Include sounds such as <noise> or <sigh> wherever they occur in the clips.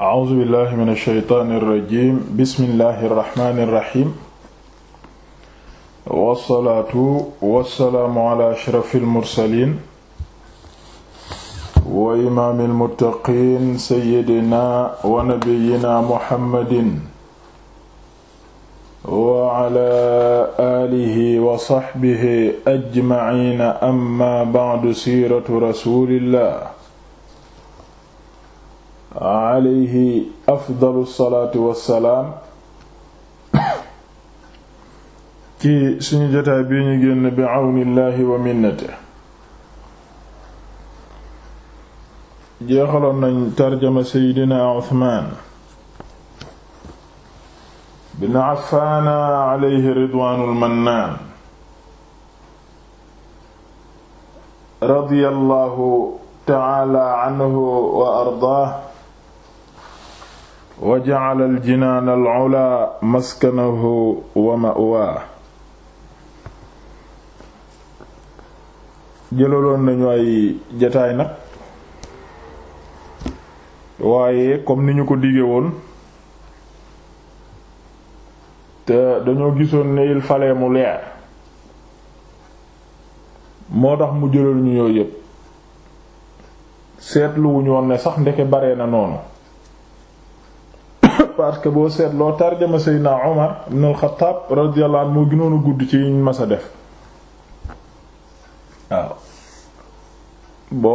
a'uuzu billahi min ash-shaytaani irrajim bismillahi irrahmani irrahim wassalaatu wassalaamu ala ashrafi almursalin wa imaami almuttaqiin sayyidina wa nabiyyina muhammadin wa ala aalihi wa saxbihi ajmaciina amma ba'du siiratu rasuulillah alayhi afdalu salaatu wassalaam ci suñu jotaay bii ñu génn bi àwnillaahi wa minnate jeexaloon nañ tarjama seydina Usmaan bin Affaana alayhi ridwaanul mannaan radiyallaahu ta'aalaa anhu wa ardaahu wa ja'ala al-jinaan wa jëlaloon nañu ay jataay nag waaye comme ni ñu ko dige woon te dañoo gisoon ne il mu leer moo tax mu jëlal ñu yooyu yépp seetluwuñu woon ne sax ndeke bare na noonu nag parce que boo seetloo tarjama Seydina Omar ibn al-Khattab moo gënoon gudd ci ñu mas a def waaw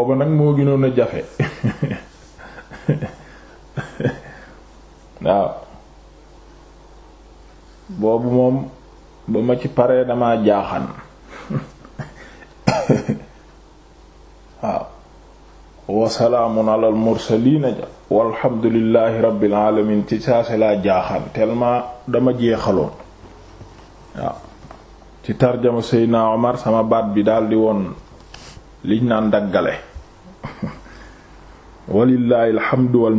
booba nag moo gënoon a jafe <laughs> waaw boobu moom ba ma ci paree damaa jaaxan <laughs> waaw wasalaamun ala almursalina ja walhamdulillahi rabbil alamin ci saase laa jaaxaan tellement dama jeexaloon waaw ci tarjama seydna omar sama baat bi daal di woon liñ naan daggale <laughs> walillahi alhamdu wal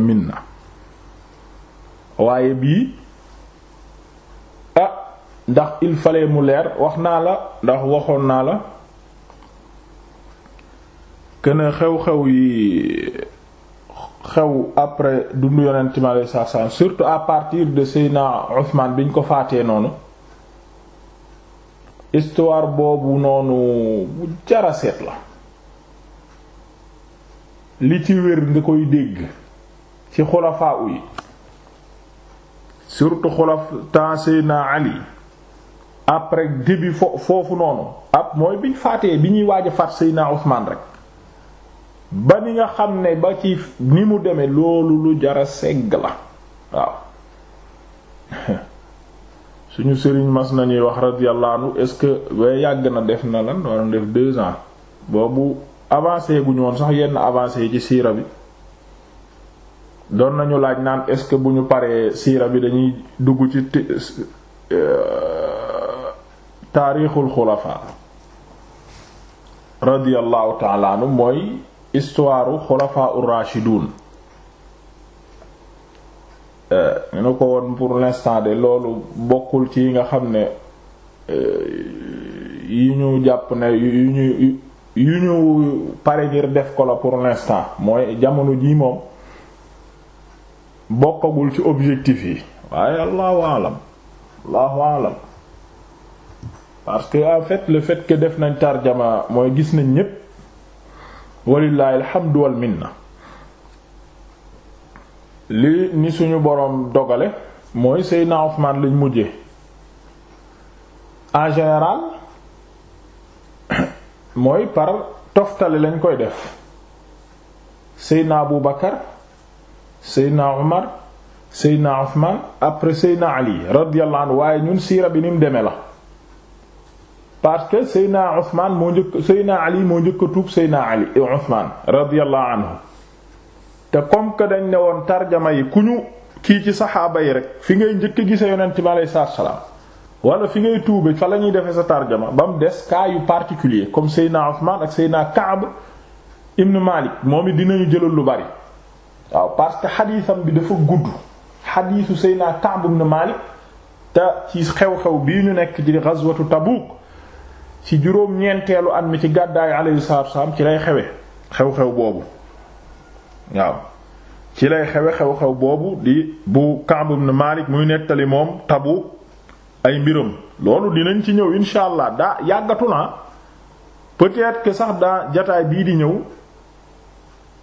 waaye bii ah ndax il fallait mu leer wax naa la ndax waxoon naa la këna xew-xew yi xew après dundu yonent mi alayhi surtout à partir de Seyna Ousmane biñ ko faatee noonu histoire boobu noonu bu jara seet la li ci wér nga koy dégg ci xulafaa yi surtout xulaf temps Ali après début fo foofu noonu ab mooy biñ faatee bi ñuy waaj a faat Seyna Ousmane rek ba ni nga xam ne ba ci ni mu demee loolu lu jara segg la waaw <laughs> suñu sëriñ mas nañuy wax radiyallahu anhu est-ce que yàgg na def na lan war na def deux ans boobu avancé guñu woon sax yenn avancé yi ci siira bi doon nañu laaj naan est-ce que bu ñu paree siira bi dañuy dugg ci euh, taarixul xulafa radiyallahu ta'ala mooy histoire xulafaa ur rashidun eh, ñu ne ko woon pour l'instant de loolu bokkul ci yi nga xam ne eh, yi ñu jàpp ne yu ñu yu ñu pare ngir def ko la pour l'instant mooy jamono jii moom bokkagul ci objectif yi waaye allahu alam allahu parce que en fait le fait que def nañ tarjama mooy gis nañ ñépp walillahi alhamdu wal minna li ni suñu boroom dogale mooy Seydina Ousmane lañ mujje en général <coughs> mooy par toftale lañ koy def Seydina Abu Bakar Seydina Omar na Ousmane après Seydina Ali radiyallahu anhu waaye ñun siira bi ni mu la parce que Seyna Ousmane moo njëkk Seyna Ali moo njëkk a tuub Seyna Ali Ousmane radiyallahu anhu te comme que dañ ne woon tarjama yi ku ñu kii ci saxaaba yi rek fi ngay njëkk gise gisee yonent bi alayhi salaatu salaam wala fi ngay tuube fa la ñuy defee sa tarjama ba mu des cas yu particulier comme Seyna Ousmane ak Seyna Kaab ibn Malik moom it dinañu jëlal lu bari waaw parce que xadiisam bi dafa gudd xadiisu Seyna Kaab ibn Malik te ci xew-xew bii ñu nekk ci ghazwatu ci juróom-ñeenteelu at mi ci gàddaay alayhi salaatu wassalaam ci lay xewe xew-xew boobu waaw ci lay xewe xew-xew boobu di bu Ka'b ibn Malik muy nettali moom tabu ay mbiram loolu dinañ ci ñëw insha allah daa yàggatu naa peut-être sax daa jataay bii di ñëw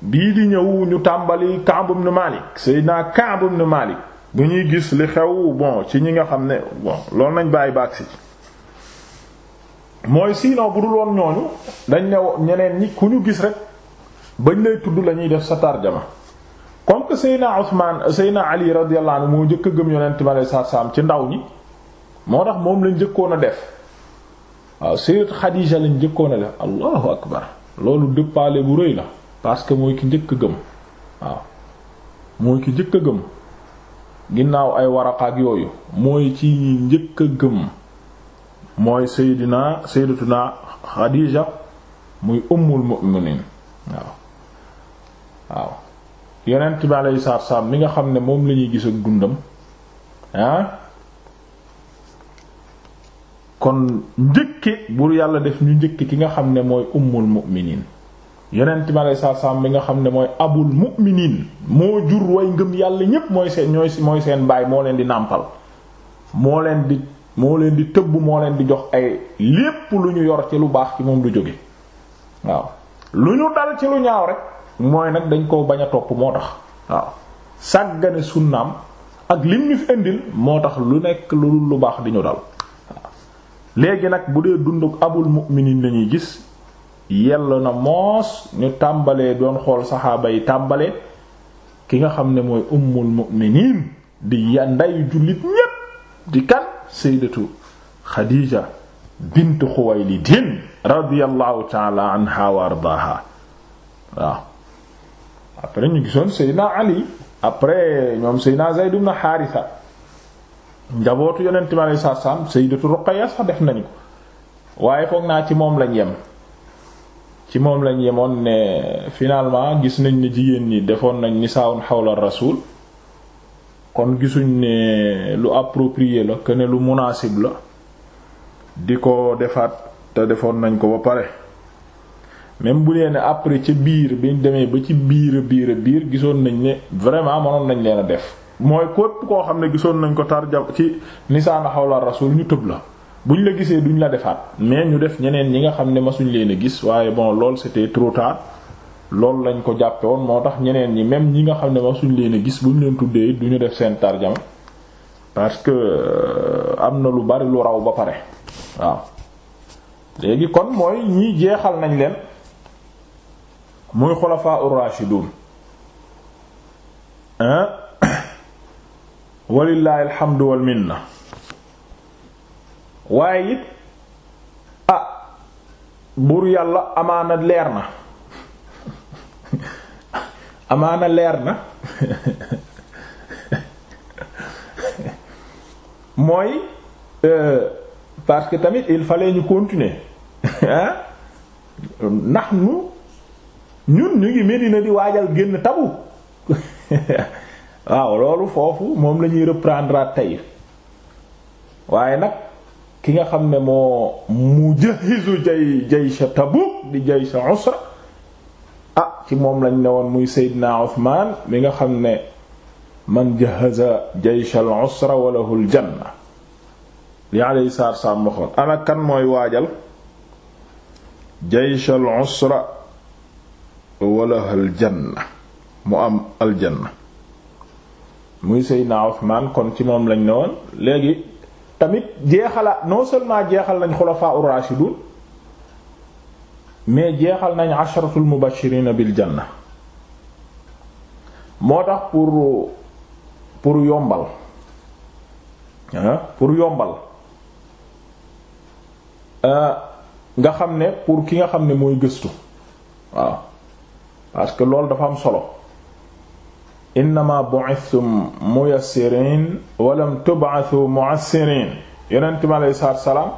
bii di ñëw ñu tàmbali Ka'b ibn Malik Seydina Ka'b ibn Malik bu ñuy gis li xew bon ci ñi nga xam ne bon loolu nañ bàyyi baag si mooy sinon bu dul woon ñooñu dañ ne ñeneen ñi ku ñu gis rek bañ lay tudd lañuy def sa tarjama kon que Seyna Ousmane Seyna Ali radiyallahu moo njëkk gëm yonent bi alayhi salaatu ci ndaw ñi moo tax moom lañ njëkkoon a def waaw Sayyidatu Xadiija lañ njëkkoon a def allahu akbar loolu dëppaale bu rëy la parce que mooy ki jëkk a gëm waaw mooy ki njëkk gëm ginnaaw ay waraqaak yooyu mooy ci njëkk a gëm. mooy Seydina Seydatuna Xadiija muy ummul mu'minin waaw waaw yonent bi alayhi salaatu salaam nga xam ne moom la ñuy gis ak dundam ah kon njëkke buur yàlla def ñu njëkke ki nga xam ne mooy ummul mu'minin yonent bi alayhi salaatu salaam mi nga xam ne mooy abul mu'minin moo jur way ngëm yàlla ñépp mooy seen ñooy mooy seen baay moo leen di nàmpal moo leen di moo leen di tëbb moo leen di jox ay lépp lu ñu yor ci lu baax ci moom lu jóge waaw lu ñu dal ci lu ñaaw rek mooy nag dañ ko bañ a topp moo tax waaw sàggane sunnaam ak lim ñu fi indil moo tax lu nekk lu dul lu baax di ñu dal léegi nag bu dee dunduk abul mu'minin lañuy gis yell na moos ñu tàmbalee doon xool saxaaba yi tàmbalee ki nga xam ne mooy ummul mu'minin di ya nday jullit ñépp di kan sayyidatu Khadija bint Khuwaylidin radiyallahu ta'ala anha wa ardaha waaw après ñu gisoon Seydina Ali après ñoom Seydina Zayd ibn Haritha njabootu yonent bi alayhi salaam Sayyidatu Ruqayya def nañu ko waaye foog naa ci moom lañ yem ci moom lañ yemoon ne finalement gis nañ ni jigéen ñi defoon nañ nisaawun xawla rasul kon gisuñ ne lu approprié la que ne lu munaasib la di ko defaat te defoon nañ ko ba pare même bu nee ne après ca biir biñ demee ba ci biir biir biir gisoon nañ ne vraiment mënoon nañ leen a def mooy képp koo xam ne gisoon nañ ko tar tarjam ci nisaana xawla rasul ñu tëb la bu buñ la gisee duñ la defaat mais ñu def ñeneen ñi nga xam ne masuñ leen a gis waaye bon lool c'était trop tard loolu lañ ko jàppe moo tax ñeneen ñi même ñi nga xam ne masuñ leen gis bu ñu leen tuddee du ñu def seen tarjama parce que euh, am na lu bari lu raw ba pare waaw léegi kon mooy ñii jeexal nañ leen muy xulafaa ur-rashidun <coughs> walillahi alhamdu wal na waaye it ah buur yàlla amaana leer na amaana leer na mooy euh, parce que tamit il fallait ñu continuer ndax nu ñun ñu ngi Medina di waajal génn tabu waaw loolu foofu moom lañuy ñuy reprendre tey waaye nag ki nga xam ne moo mu jahizu jay jaysa Tabuk di jaysa usra a ah, ci moom lañ ne woon muy Seydina Usmaan mi nga xam ne man jahaza jaysh al usra wa lahu al janna li alayhi salaatu salaam waxoon ana kan mooy waajal jaysh al usra wa lahu al janna mu am al janna muy Seydina Usmaan kon ci moom lañ ne woon léegi tamit jeexala non seulement jeexal nañ xulafaa ur-raashidun mais jeexal nañ asharatul mubashirina bil janna moo tax pour pour yombal pour yombal euh, nga xam ne pour ki nga xam ne mooy gëstu waaw parce que loolu dafa am solo innama bu'ithum muyassirin walam tub'athu mu'assirin yonent mi aleyhi salaatu wa salaam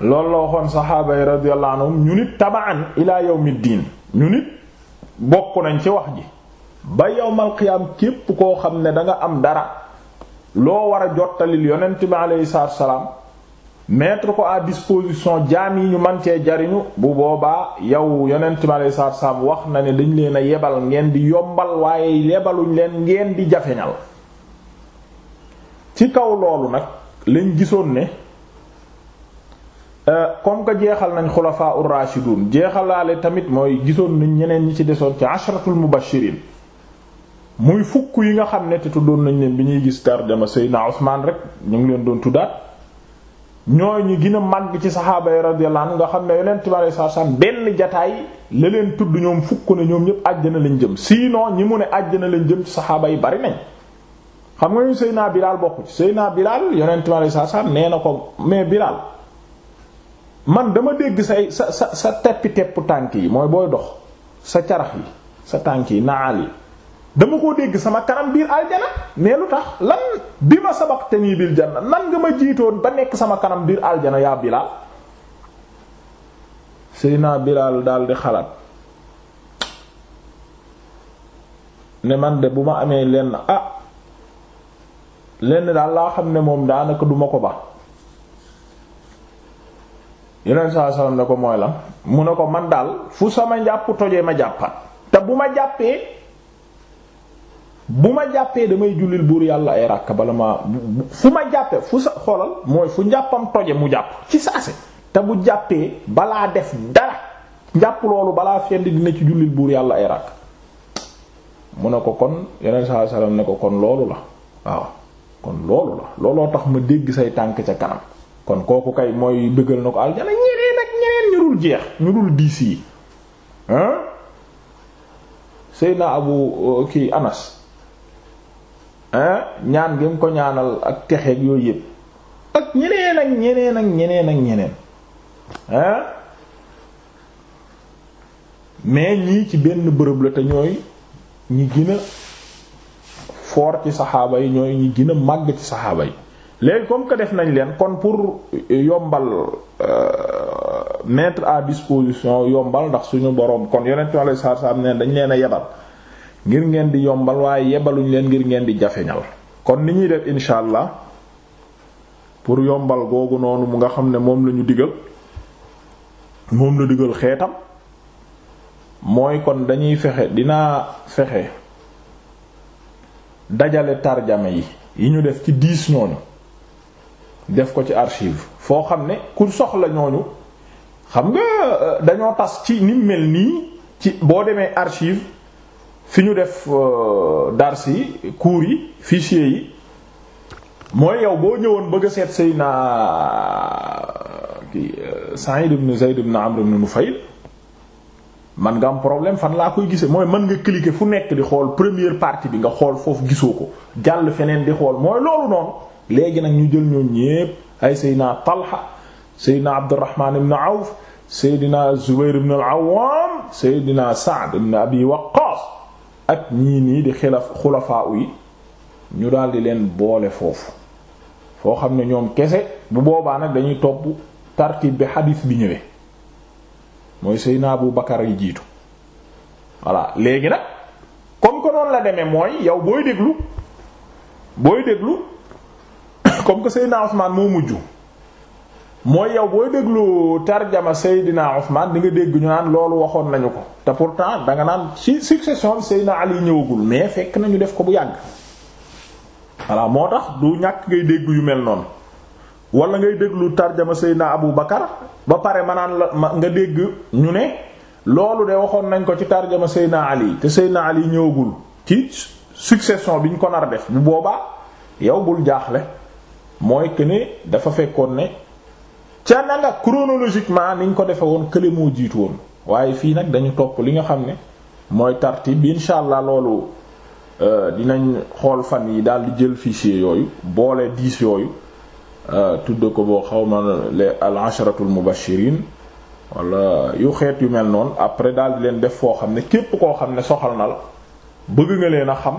loolu la waxoon saxaaba yi radiyallahu anhum ñu nit tabaan mi yawmiddin ñu nit bokk nañ ci wax ji ba yawmal qiyaam képp koo xam ne danga am dara loo war a jottalil yonent bi alayhi salaam mettre ko à disposition jaam yi ñu man cee jariñu bu boobaa yow yonent bi alayhi salaam wax na ne dañ leen a yebal ngeen di yombal waaye yebaluñ leen ngeen di jafeñal ci kaw loolu nag lañ gisoon ne. Euh, comme que jeexal nañ xulafaa ur-rashidun jeexalaale tamit mooy gisoon nañ ñeneen ñi ci desoon ci ashratul mubashirin muy fukk yi nga xam ne te tuddoon nañ leen bi ñuy gis tarjama Seydina Usmaan rek ñu ngi leen doon tuddaat ñooy ñi gën a màgg ci saxaaba yi radiyallahu anhu nga xam ne yonent bi sallallahu alayhi wasallam benn jataay la leen tudd ñoom fukk na ñoom ñëpp àjjana lañ jëm sinon ñi mu ne àjjana lañ jëm ci saxaaba yi bari nañ xam nga ñu Seydina Bilaal bokku ci Seydina Bilaal yonent bi sallallahu na ko man dama dégg say sa sa sa teppi tepp tànk yi mooy booy dox sa carax yi sa tànk yi naa yi dama koo dégg sama kanam biir aljana mais lu tax lan bi ma sabaqte nii bil janna nan nga ma jiitoon ba nekk sama kanam biir aljana yaa Bilaal Seydina Bilaal daal di xalaat ne man de bu ma amee lenn a ah, lenn daal laa xam ne moom daanaka duma ko ba yeneen saa salaam ne ko mooy la mu ne ko man daal fu sama njàpp tojee ma jàppaat te bu ma jàppee bu ma jàppee damay jullil buur yàlla ay ràkk bala ma fu ma jàppee fu sa xoolal mooy fu njàppam toje mu jàpp ci saase te bu jàppee balaa def dara njàpp loolu balaa fend dina ci jullil buur yàlla ay ràkk mu ne ko kon yeneen saa salaam ne ko kon loolu la waaw kon loolu la looloo tax ma dégg say tànk ca kanam kon kooku kay mooy bëggal na ko aljana ñeneen ak ñeneen ñu dul jeex ñu dul diis yi hein Seyna Abu euh, kii Anas hein ñaan gi mu ko ñaanal ak texeeg yooyu yëpp ak ñeneen ak ñeneen ak ñeneen ak mais ñii ci benn bërëb la te ñooy ñi gën a ci saxaaba yi ñooy ñi gina a màgg ci saxaaba yi léegi comme que def nañ leen kon pour yombal euh, mettre à disposition yombal ndax suñu boroom kon yonent Yàlla sallallahu alayhi wasallam ne dañ leen a yebal ngir ngeen di yombal waaye yebaluñ leen ngir ngeen di jafeñal kon ni ñuy def insha allah pour yombal googu noonu mu nga xam ne moom la ñu digal moom la digal xeetam mooy kon dañuy fexe dinaa fexe dajale tarjama yi yi ñu def ci diis ñooñu def ko ci archive foo xam ne ku soxla ñooñu xam nga euh, dañoo tas ci ni mel nii ci boo demee archive fi ñu def euh, dars yi cours yi fichier yi mooy yow boo ñëwoon bëgg a seet Seydina kii euh, Sa'id na am ibn nu ibn fay man nga am problème fan laa koy gisee mooy mën nga cliquer fu nekk di xool première partie bi nga xool foofu gisoo ko jàll feneen di xool mooy loolu noonu. léegi nag ñu jël ñoom ñépp ay seydina Talha seydina Abdurrahman ibn Awf seydina Zubair ibn al-Awwam seydina Sa'd ibn ak ñii nii di xilaf xulafaa yi ñu daal leen boole foofu foo xam ne ñoom kese bu boobaa nag dañuy topp tartib bi xadiis bi ñëwee mooy seydina Abu Bakar yi jiitu voilà léegi nag comme que noonu la demee mooy yow booy déglu booy déglu comme que Seydina Ousmane moo mujj mooy yow booy déglu tarjama Seydina Ousmane di nga dégg ñu loolu waxoon nañu ko te pourtant da nga naan ci succession bi Seydina Ali ñëwagul mais fekk nañu def ko bu yàgg. voilà moo tax du ñàkk ngay dégg yu mel noonu wala ngay déglu tarjama Seydina Abu Bakar ba pare ma naan la nga dégg ñu ne loolu de waxoon nañ ko ci tarjama Seydina Ali te Seydina Ali ñëwagul ci succession bi ñu ko nar a def bu boobaa yow bul jaaxle. mooy que ne dafa fekkoon ne ca na nga chronologiquement ñu ko defe woon kële moo jiitu woon waaye fii nag dañu topp li nga xam ne mooy tarti bi insha allah loolu euh, dinañ xool fan yi daal di jël fichier yooyu boole dix yooyu euh, tudd ko boo xaw ma les al asharatul mubashirin wala yu xeet yu mel noonu après daal di leen def foo xam ne képp koo xam ne soxal na la bëgg nga leen a xam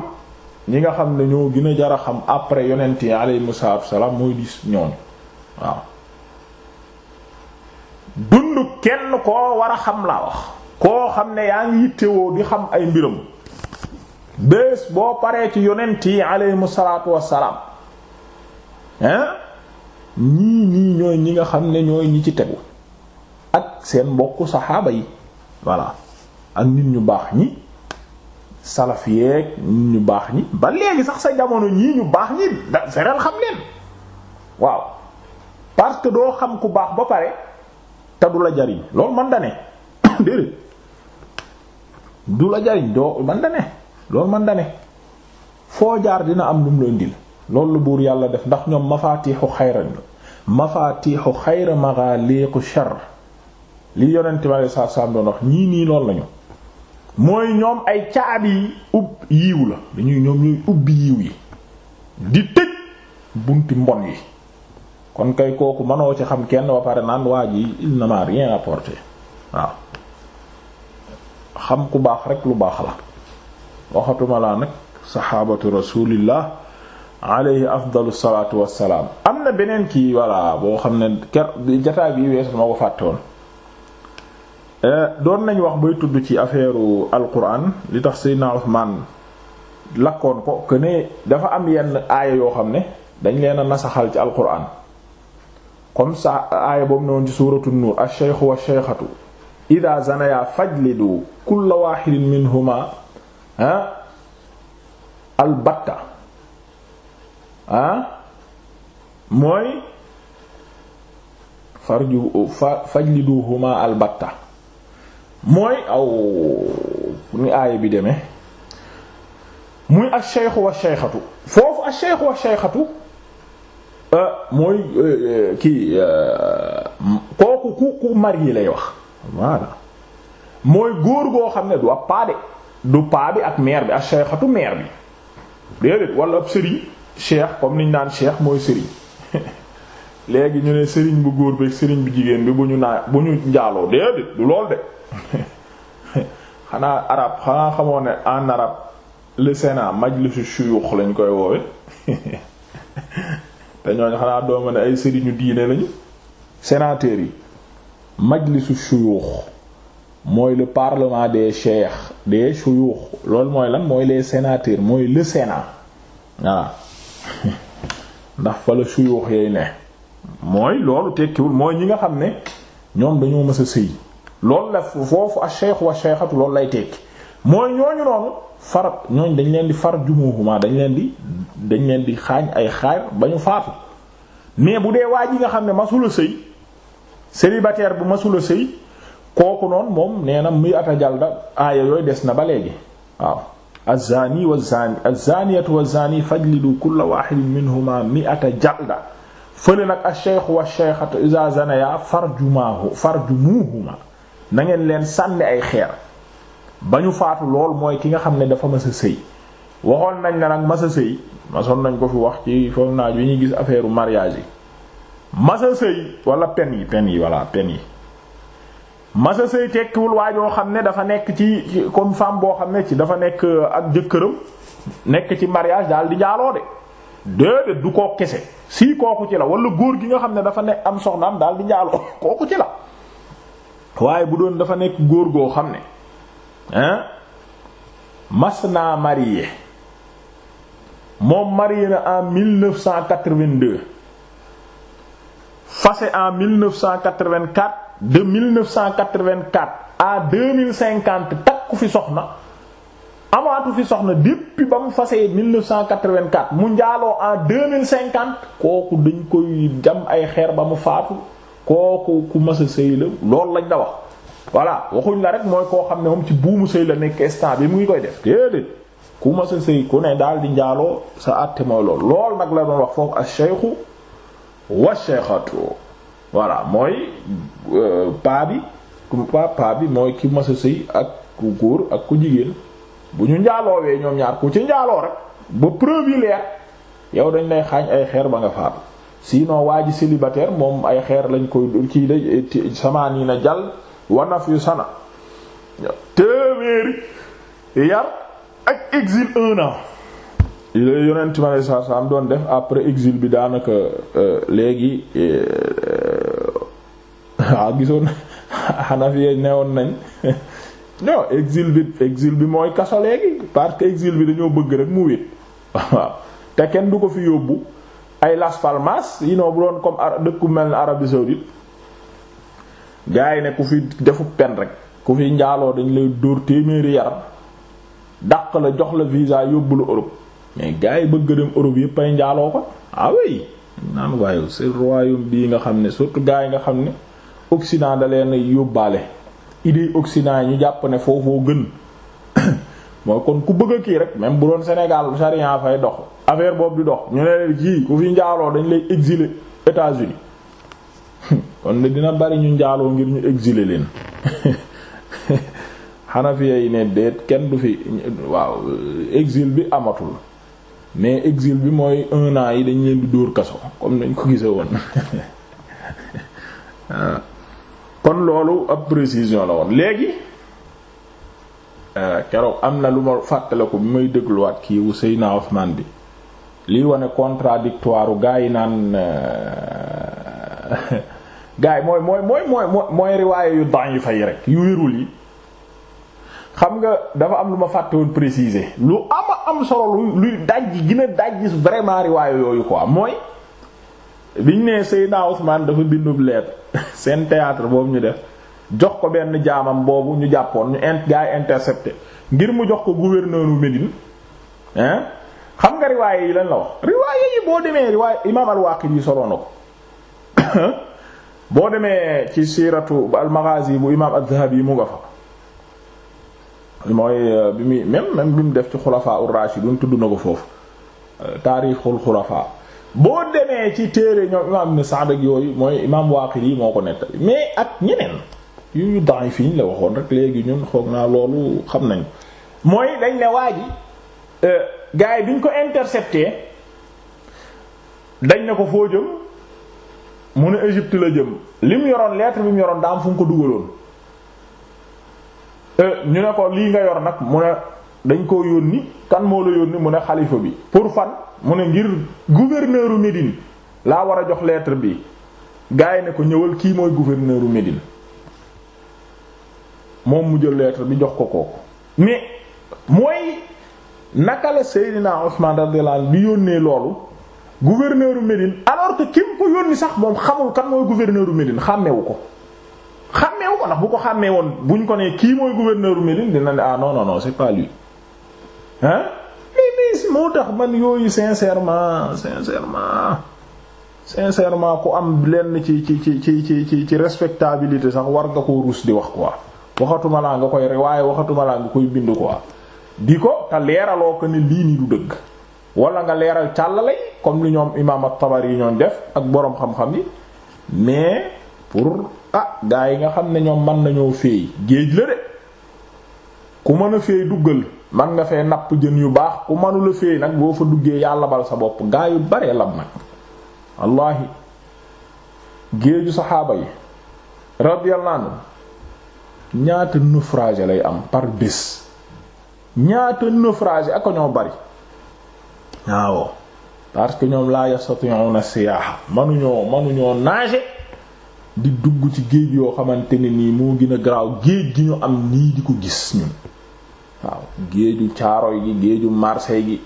ñi nga xam ne ñoo gën a jar a xam après yonent yi aleyhimu salaatu salaam mooy diis ñoom waaw dund kenn koo war a xam laa wax koo xam ne yaa ngi yittewoo di xam ay mbiram bés boo paree ci yonent yi aleyhimu salaatu wassalaam hein ñii nii ñooy ñi nga xam ne ñooy ñi ci tegu ak seen mbokku saxaaba yi voilà ak nit ñu baax ñi salaf ñu baax ñi ba léegi sax sa jamono ñii ñu baax ñi da fexeel xam leen waaw parce que doo xam ku baax ba pare te du la jariñ loolu man da <coughs> du la jariñ doo man ne loolu man da ne foo jaar dina am lu mu leen loolu la buur yàlla def ndax ñoom mafaatixu xayran la mafaatixu xayra maghaliqu shar li yonente bi sallallahu alayhi wasallam doon wax ñii nii loolu lañu mooy ñoom ay caabi yi ub yiw la dañuy ñoom ñooy ubbi yiw yi di tëj bunti mbon yi kon kay kooku mënoo ci xam kenn ba pare naan waa ji il ne m'a rien apporté waaw xam ku baax rek lu baax la waxatuma laa nag saxaabatu rasulillah alayhi afdalu salaatu wassalaam am na beneen kii voilà boo xam ne ker jataay bi weesu ma ko fàtte woon Euh, doon nañ wax bay tudd ci affaire alquran li tax Seydina Usmaan lakkoon ko que dafa am yenn aaya yoo xam ne dañ leen a nasaxal ci alquran comme ça aaya boobu ne woon ci suuratu nuur ash-shaykhu wash-shaykhatu idha zanaya fajlidu kulla wahidin minhuma ah albatta ah mooy farju fajliduhuma albatta mooy aw ni aaya bi deme muy ash-shaykhu wash-shaykhatu foofu ash-shaykhu wash-shaykhatu euh, mooy euh, euh, kii kooku ku ku marié lay wax voilà mooy góor goo xam ne du ab paa du paa bi ak meer bi ak shaykhatu meer bi déedéet wala ab sëriñ cheikh comme niñ naan cheikh mooy sëriñ <laughs> léegi ñu ne sëriñ bu góor beeg sëriñ bu jigéen bi bu ñu naa bu ñu njaaloo déedéet du lool de xanaa arab xanaa xamoo ne en arab le Sénat majlisu shuyukh lañ koy woowe te ñooñu xanaa dooma ne ay sëriñu diine lañu sénateurs yi majlisu shuyukh mooy le parlement des cheikhs de shuyukh lool mooy lan mooy les sénateurs mooy le Sénat waaw <laughs> ndax fa la shuyukh yay ne mooy loolu tekkiwul mooy ñi nga xam ne ñoom dañoo mës a sëy loolu la foofu a cheikh wa loolu lay tekki mooy ñooñu noonu far ñooñ dañ leen di far jumuhuma dañ leen di dañ leen di xaañ ay xaar ba ñu faatu mais bu dee waa ñi nga xam ne masula sëy célibataire bu masula sëy kooku noonu moom nee na muy a jalda aaya yooyu des na ba léegi waaw az-zani wa az-zani az-zaniyatu wa az-zani fajlidu kulla wahidin minhuma jalda fële nag ash-shaykhu wash-shaykhatu iza zanaya farjumuhu farjumuhuma na ngeen leen sànni ay xeer ba ñu faatu lool mooy ki nga xam ne dafa mas a sëy waxoon nañ la nag mas a sëy masoon nañ ko fi wax ci foog naaj wi ñuy gis affaire mariage yi mas a sëy wala pen yi pen yi wala pen yi mas a sëy tekkiwul waajoo xam ne dafa nekk ci comme femme boo xam ne ci dafa nekk ak jëkkëram nekk ci mariage daal di jaaloo de déedéet du ko kese sii kooku ci la wala góor gi nga xam ne dafa nekk am soxnaam daal di njaaloo <laughs> kooku ci la waaye bu doon dafa nekk góor goo xam ne hein mas naa marié moom marié na en mille 1982 fase en 1984 de 1984 à 2050 takku fi soxna amaatu fi soxna depuis ba mu fasee 1984 mu njaaloo en cinquante kooku dañ koy jam ay xeer ba mu faatu kooku ku mas a sëy la loolu lañ la wax voilà waxuñ la rek mooy koo xam ne moom ci buumu sëy la nekk instant bi mu ngi koy def déedéet ku mas a sëy ku ne daal di njaaloo sa àtte mooy lool lool nag la doon wax foofu ak shaykhu wa shaykhatu voilà mooy euh, paa bi pa paa bi mooy ki mas a sëy ak ku góor ak ku jigéen bu ñu njaaloowee ñoom ñaar ku ci njaaloo rek ba preuve leer yow dañ lay xaañ ay xeer ba nga faatu sinon waa ji célibataire moom ay xeer lañ koy ci la samaani na jàll wanaf yu sana téeméeri yar ak exil un an l yonent def après exil bi daanaka euh, léegi waaw euh, <laughs> ah, <laughs> newoon nañ <laughs> non exil bi exil bi mooy kaso léegi parce que exil bi dañoo bëgg rek mu wéet <laughs> waaw te kenn du ko fi yóbbu ay Las Palmas yi noo bu doon comme a dëkku mel ni Arabie saoudite gars yi ne ku fi defu pen rek ku fi njaaloo dañ lay dóor téeméeri yaram daq la jox la visa yóbbu la Europe mais gaa yi bëgg dem Europe yépp ay njaaloo ko ah oui naan waaye c'est royaume bii nga xam ne surtout gaa yi nga xam ne Occident da leen yóbbaale. idée occident yi ñu jàpp ne foofoo gën <coughs> mooy kon ku bëgg kii rek même bu doon Sénégal charia fay dox affaire boobu di dox ñu ne leen ku fi njaaloo dañu lay exiler États-Unis <coughs> kon dina bari ñu njaaloo ngir ñu exiler leen <coughs> Hanafiya yi ne déet kenn du fi waaw exil bi amatul mais exil bi mooy un an yi dañ leen di dóor kaso comme nañ ko gise woon <laughs> ah. kon loolu ab précision la woon léegi euh, keroog am na lu ma fàttaliku bi may dégluwaat kii wu Seyna Ousmane bi liy wane contradictoire gaa yi naan euh, <laughs> gaa yi mooy mooy mooy mooy mooy riwaaye yu da'ifa yi rek yu wérul yi xam nga dafa am lu ma fàtte woon préciser lu ama am solo luy dajj gën a dajj vraiment riwaaye yooyu ko am mooy ñu nee Seydina Ousmane dafa bindub leet <laughs> seen théâtre boobu ñu def jox ko benn jaamam boobu ñu jàppoon ñu int gaa ngir mu jox ko gouverneur u Médine xam nga riwaaye yi lan la wax riwaaye yi boo demee riwaaye imaam al-Waaqidi yi soloo na ko <coughs> boo demee ci siiratu al-Maghaazi bu imaam az-Zahabi yi mu nga fa mooy bi muy même même bi mu def ci xulafaa ur-Raashidun tudd na ko foofu taarixul xulafaa boo demee ci téere ñoom imaam ibn Sa'd ak yooyu mooy imaam Waaqidi moo ko nett mais ak ñeneen yu daay fii ñu la waxoon rek léegi ñun xoog naa loolu xam nañ mooy dañ ne waa ji euh, gars yi bi ñu ko intercepté dañ ne ko foo jëm mu ne Égypte la jëm li mu yoroon lettre bi mu yoroon daa am fu mu ko dugaloon euh, ñu ne ko lii nga yor nag mu ne dañ koo yónni kan moo la yónni mu ne xalifa bi pour fan mu ne ngir gouverneuru Médine laa war a jox lettre bi gars yi ne ko ñëwal kii mooy gouverneuru Médine moom mu jël lettre bi jox ko kooku mais mooy naka la Seydina Ousmane radiyallahu anhu bi yónnee loolu gouverneuru Médine alors que ki mu ko yónni sax moom xamul kan mooy gouverneuru Médine xàmmewu ko xàmmewu ko ndax bu ko xàmmee woon bu ñu ko nee kii mooy gouverneuru Médine dina ne ah non non non c'est pas lui ah mais moo tax man yooyu sincèrement sincèrement sincèrement ku am lenn ci ci ci ci ci ci respectabilité sax war nga ko ruus di wax quoi waxatuma laa nga koy waaye waxatuma laa nga koy bind quoi di ko te leeraloo ko ne lii nii du dëgg wala nga leeral càllalay comme li ñoom imaam at yi ñoon def ak boroom xam-xam yi mais pour ah gaa yi nga xam ne ñoom mën nañoo féey géej la de ku mën a féey duggal. man nga fee napp jën yu baax ku manula feey nag boo fa duggee yàlla bal sa bopp gaa yu bare lab nag wallaahi géeju saxaaba yi radiyallahu anhu ñaata naufrage lay am par bés ñaata naufrage ak ñoo bari waaw parce que ñoom laa yastati'una siyaaha manuñoo manuñoo nager di dugg ci géej yoo xamante ne nii moo gën a garaaw géej gi ñu am nii di ko gis ñun waaw géeju Caaroy gi géeju Marseille gi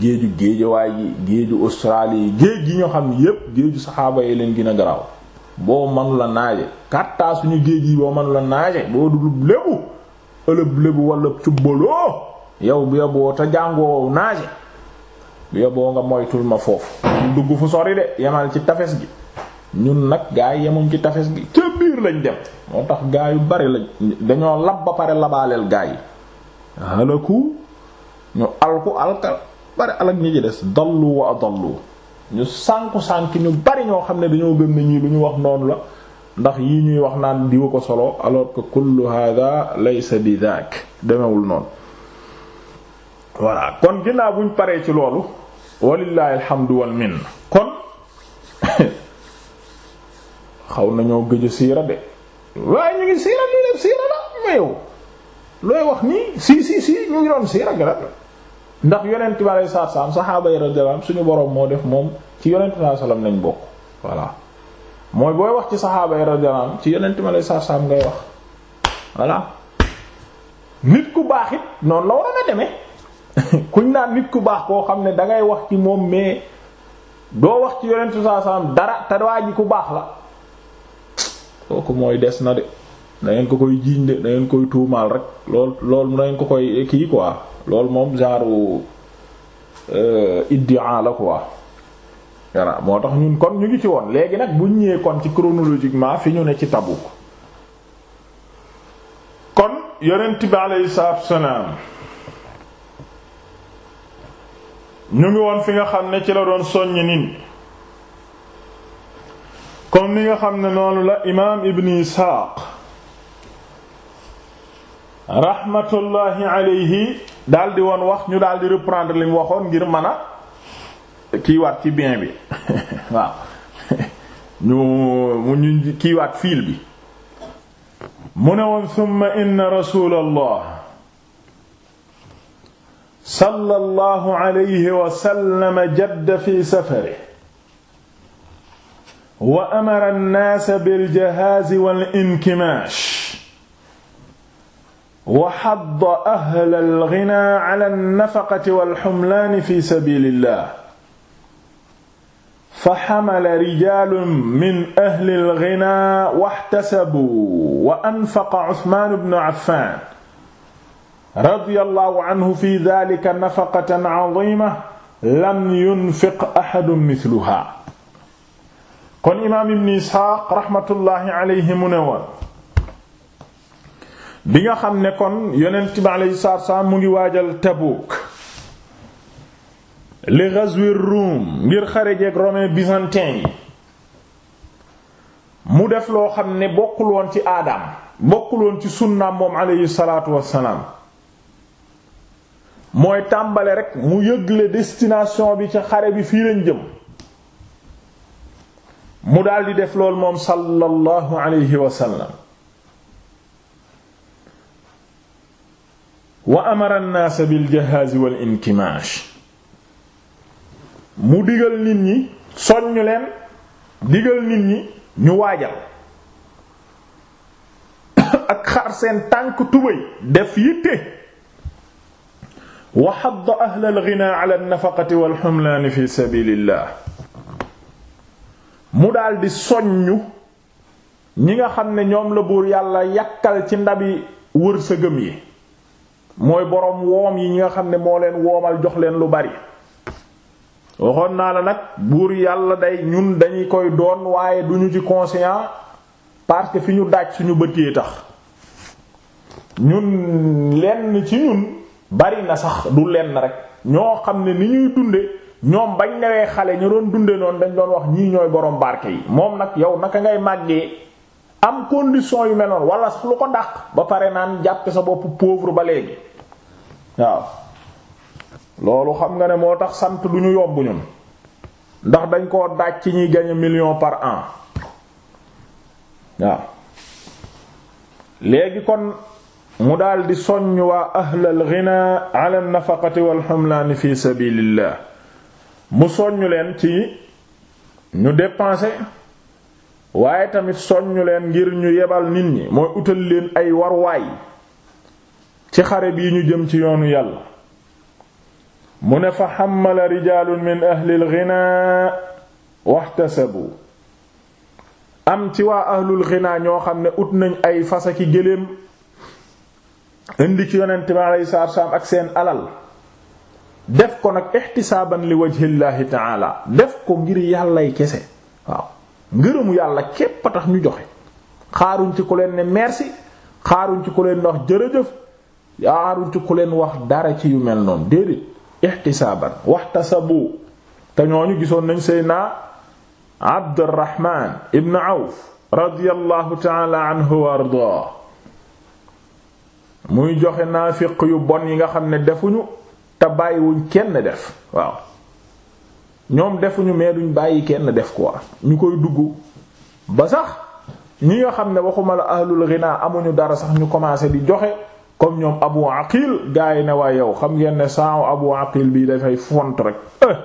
géeju géejawaay gi géeju Australie géej gi ñoo xam ne yépp géeju saxaaba yi leen gën a garaaw boo manula naaje kàttaa suñu géej yi boo manula naaje boo dugub lébu ëlëb lébu walla cubbaloo yow bu yoboo te jàngoo naaje bu yoboo nga moytul ma foofu dugg fu sori de yemal ci tafes gi ñun nag gaa yi yemuñ ci tafes gi ca biir lañ dem moo tax gaa yu bari lañ dañoo lab ba pare labaaleel gaa yi halaku ñu alku alka bari alak ñi ci des dallu wa adallu ñu sànku sànk ñu bari ñoo xam ne dañoo gëm ne ñii lu ñu wax noonu la ndax yii ñuy wax naan diwa ko solo alors que kullu hada laysa bi daak demewul noonu voilà kon ginnaaw buñ paree ci loolu walillahi alhamdu wal kon <laughs> xaw nañoo gëj a siira de waaye ñu ngi siira ñu def siira la mayow looy wax nii si si si ñu ngi doon siira garab ndax yonent bi aleyhi salaatu salaam saxaaba yi radiyallahu suñu boroom moo def moom ci yonent bi aleyhi salaam bokk voilà mooy booy wax ci saxaaba yi radiyallahu ci yonent bi aleyhi salaatu salaam ngay wax voilà nit ku baax it noonu la waroon a <laughs> kuñ naan nit ku baax koo xam ne dangay wax ci moom mais doo wax ci yonent bi aleyhi dara te waa ji ku baax la kooku mooy des na de. da ngeen ko koy jiiñ de da koy tuumaal rek lool lool da ngeen ko koy kii quoi loolu moom genre euh, iddia la quoi voilà moo tax ñun kon ñu ngi ci woon léegi nag buñ ñëwee kon ci chronologiquement fi ñu ne ci Tabuk kon yonent bi alayhi salaatu wassalaam ñu ngi woon fi nga xam ne ci la doon soññ nin kon li nga xam ne noonu la imaam Ibn Isaaq rahmatullahi alayhi daal di woon wax ñu daal di reprendre li mu waxoon ngir mën a kiiwaat ci bien bi <laughs> waaw <laughs> ñu mu ñu kiiwaat fiil bi mu ne woon summa inna rasulallah sallallahu alayhi wa sallam jadda fi safarihi wa amara an-naasa bil jahaazi wal inkimaash wa hadda ahla al-ghinaa ala an-nafaqati wal-humlaani fi sabiilillah fa hamala rijaalun min ahli al-ghinaa wahtasabuu wa anfaqa Usmaan ibn Affaan radiyallahu anhu fi dhaalika nafaqatan 'aziimatan lam yunfiq ahadun mithluhaa kon imaam Ibn Isxaaq rahmatullahi alayhi mu ne woon bi nga xam ne kon yonent bi alayhi salaatu mu ngi waajal Tabuuk li ghazwi Ruum ngir xare jeeg romain byzantin mu def loo xam ne bokkul woon ci aadaam bokkul woon ci sunnaam moom alayhi salaatu wassalaam mooy tàmbale rek mu yëgle destination bi ci xare bi fii jëm mu daldi def lool moom sallallahu alayhi wasallam wa amara an-naas bil jahaaz wal inkimaash mu digal nit ñi soññ leen digal nit ñi ñu waajal <coughs> ak xar seen tànk tubéy def yitte wa hadd ahla al-ghinaa ala an-nafaqati wal humlaan fi sabiilillah mu daldi soññ ñi nga xam ne ñoom la buur yàlla yàkkal ci ndabi wërsëgëm yi mooy boroom woom yi ñi nga xam ne moo leen woomal jox leen lu bari waxoon naa la nag buur yàlla day ñun dañuy koy doon waaye duñu ci conscient parce fi ñu daaj suñu bët yi tax ñun lenn ci ñun bari na sax du lenn rek ñoo xam ne ni ñuy dunde ñoom bañ newee xale ñu doon dunde noonu dañ doon wax ñii ñooy borom barke yi moom nag yow naka ngay màggee am condition yu mel noonu wala lu ko dàq ba pare naan jàppe sa bopp pauvre ba léegi waaw loolu xam nga ne moo tax sant du ñu ñun ndax dañ koo daaj ci ñuy gagner million par an waaw léegi kon mu daldi soññ waa ahlal ghina ala nafaqati wal humlaani fi sabilillah mu soññ leen ci ñu dépenser waaye tamit soññ leen ngir ñu yebal nit ñi mooy utal leen ay warwaay ci xare bii ñu jëm ci yoonu yàlla mu ne fa xammala rijaalun min ahlil ghina waxtasabu am ci waa ahlul ghina ñoo xam ne ut nañ ay fasaki ki géléem indi ci yonent bi alayhi salaatu wassalaam ak seen alal def ko nag ixtisaaban li wajhillaahi taala def ko ngir yàllay kese waaw ngërëmu yàlla képp a tax ñu joxe xaaruñ ci ku leen ne xaaruñ ci ku leen wax jërëjëf yaarutu ku leen wax dara ci yu mel noonu déedéet ixtisaaban waxtasabu te ñu gisoon nañ seydna abdurrahman ibn auf radiyallahu taala anhu wa ardaa muy joxe naafiq yu bon yi nga xam ne defuñu te bàyyiwuñ kenn def waaw ñoom defuñu mais duñ bàyyi kenn def quoi ñu koy dugg ba sax ñi nga xam ne waxuma la ahlul ghina amuñu dara sax ñu commencé di joxe comme ñoom abu aqil gaa yi ne waaye yow xam ngeen ne saaw abu aqil bii dafay font rek eh,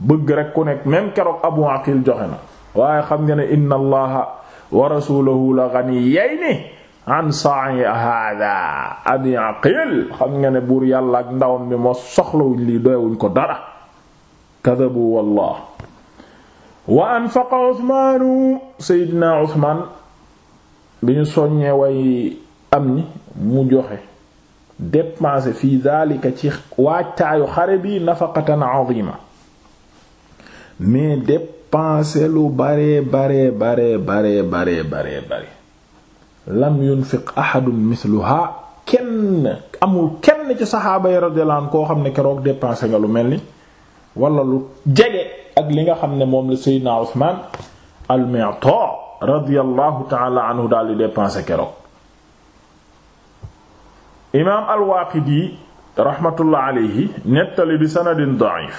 bëgg rek ku nekk même keroog abu aqil joxe na waaye xam ngeen ne inna wa rasuluhu la ganiyayni xam ngeen buur yàlla ak ndawam bi moo wuñ lii doyewuñ ko dara kadabu wallah wa anfaqa uthmaanu seydina uthman bi ñu soññee way am ñi mu joxe dépenser fii daalika ci waajtaayu xare bi nafaqatan azima mais dépenser lu bare bare bare bare bare bare bare lam yunfiq ahadun mithluha kenn amul kenn ci saxaaba yi radiyallahu koo xam ne keroog dépenser nga lu mel ni wala lu jege ak li nga xam ne moom la Seydina Usmaan al-Mi'ta radiyallahu ta'ala anhu daal di dépenser keroog imaam al-Waaqidi rahmatullah alayhi nettali bi sanadin da'if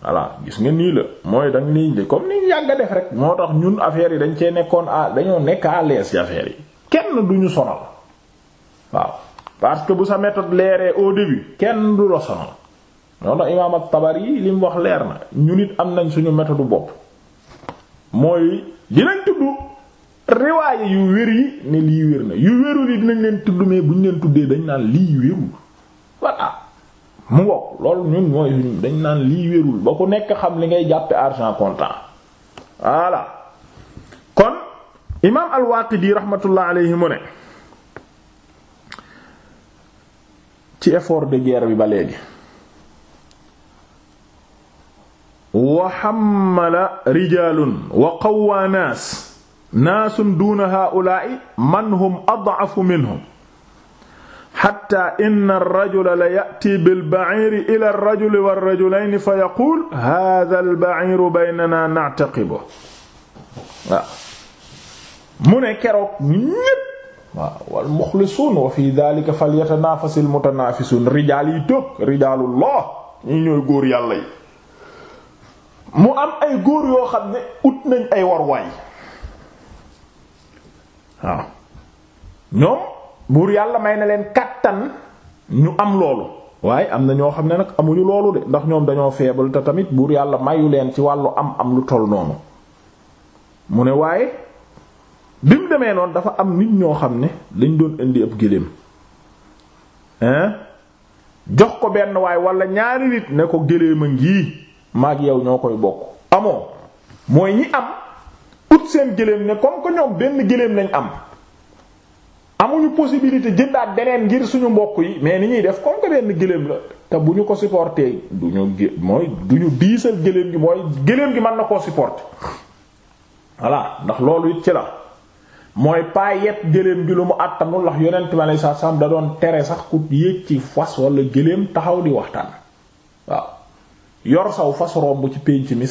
voilà gis nga nii la mooy danga nii comme ni yàgg a def rek moo tax ñun affaires yi dañ cee nekkoon à dañoo nekk à l'aise ci yi kenn duñu sonal waaw parce que bu sa méthode leeree au début kenn du la sonal noonu la imaam at-Tabari li mu wax leer na ñun it am nañ suñu méthode bopp mooy dinañ tudd riwaaye yu wér yi ne lii wér na yu wérul yi dinañ leen tudd mais buñ leen tuddee dañ naan lii wérul voilà mu bokk loolu ñun mooy dañ naan lii wérul ba ku nekk xam li ngay jàppe argent comptant voilà kon imaam al-Waaqidi mu ne ci effort de guerre bi ba léegi wa hammala wa qawwa naasun duuna haa'ulaa'i man hum ad'afu minhum xatta inna rajula la ya'ti bil ba'iiri ila rajuli war rajulayni fa yaquul haadhal ba'iiru baynanaa na'taqibuhu waaw mu ne keroog ñépp waaw wal muxlisuun wa fi dhaalika falyatanaafasil mutanaafisuun rijaal yi toog rijaalullah ñi ñooy góor yàlla yi mu am ay góor yoo xam ne ut nañ ay warwaay waaw ñoom buur yàlla may na leen kàttan ñu am loolu waaye am na ñoo xam ne nag amuñu loolu de ndax ñoom dañoo feebal te tamit buur yàlla mayu leen ci wàllu am am lu toll noonu mu ne waaye bi mu demee noonu dafa am nit ñoo xam ne dañ doon indi ab géléem hein jox ko benn waay walla ñaari nit ne ko géléem a ngii mag yow ñoo koy bokk amoo mooy ñi am ut seen gëléem ne comme que ñoom benn gëléem lañu am amuñu possibilité jëndaat beneen ngir suñu mbokk yi mais ni ñuy def comme que benn gëléem la te bu ñu ko supporter duñu gé mooy duñu diisal gëléem gi mooy gëléem gi mën na koo supporter voilà ndax loolu it ci la mooy paayet gëléem gi lu mu àttanul ndax yonent bi alayhi salaam da doon tere sax ku yéeg ci fas wala gëléem taxaw di waxtaan waaw yor saw fas romb ci pénc mi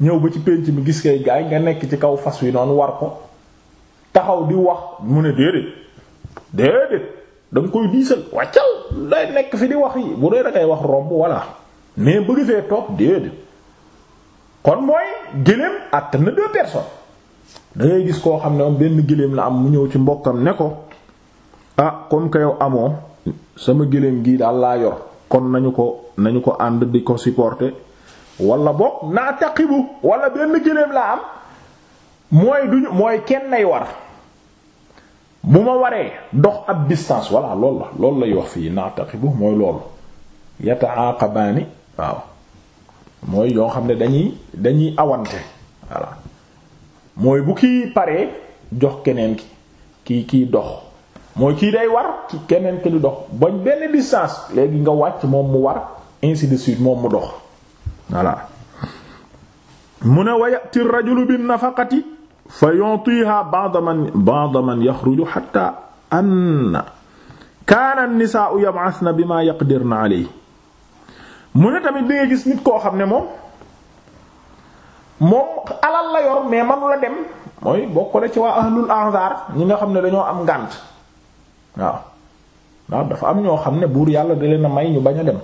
ñëw ba ci pénc mi gis kay gaay nga nekk ci kaw fas wi noonu war ko taxaw di wax mu ne déedéet déedéet da nga koy diisal wàccal lay nekk fi di wax yi bu dee da wax romb walla mais bëgg fee toog déedéet kon mooy gëléem àtt na deux personnes da gis koo xam ne moom benn gëléem la am mu ñëw ci mbokkam ne ko ah comme que yow amoo sama gëléem gi daal laa yor kon nañu ko nañu ko ànd di ko supporter wala boog naa taqibu wala benn gëléem laa am mooy duñu mooy kenn nay war bu ma waree dox ab distance walla lool la loolu lay wax fii naa taqibu mooy loolu yataaqabaani waaw mooy yoo xam ne dañuy dañuy awante voilà mooy bu kii paree jox keneen ki kii kii dox mooy kii day war ki keneen ki di dox bañ benn bistance léegi nga wàcc moom mu war ainsi de suite moom mu dox voilà mu ne wa yati rajulu bin nafaqati fa yutiha ba'da man ba'da man yaxruju hatta anna kaana an-nisaa'u yab'athna bima yaqdirna alayhi mu ne tamit bi nga gis nit koo xam ne moom moom alal la yor mais manu dem mooy bokk na ci waa ahlul anzar ñi nga xam ne dañoo am ngànt waaw waaw dafa am ñoo xam ne buur yàlla da leen may ñu bañ a dem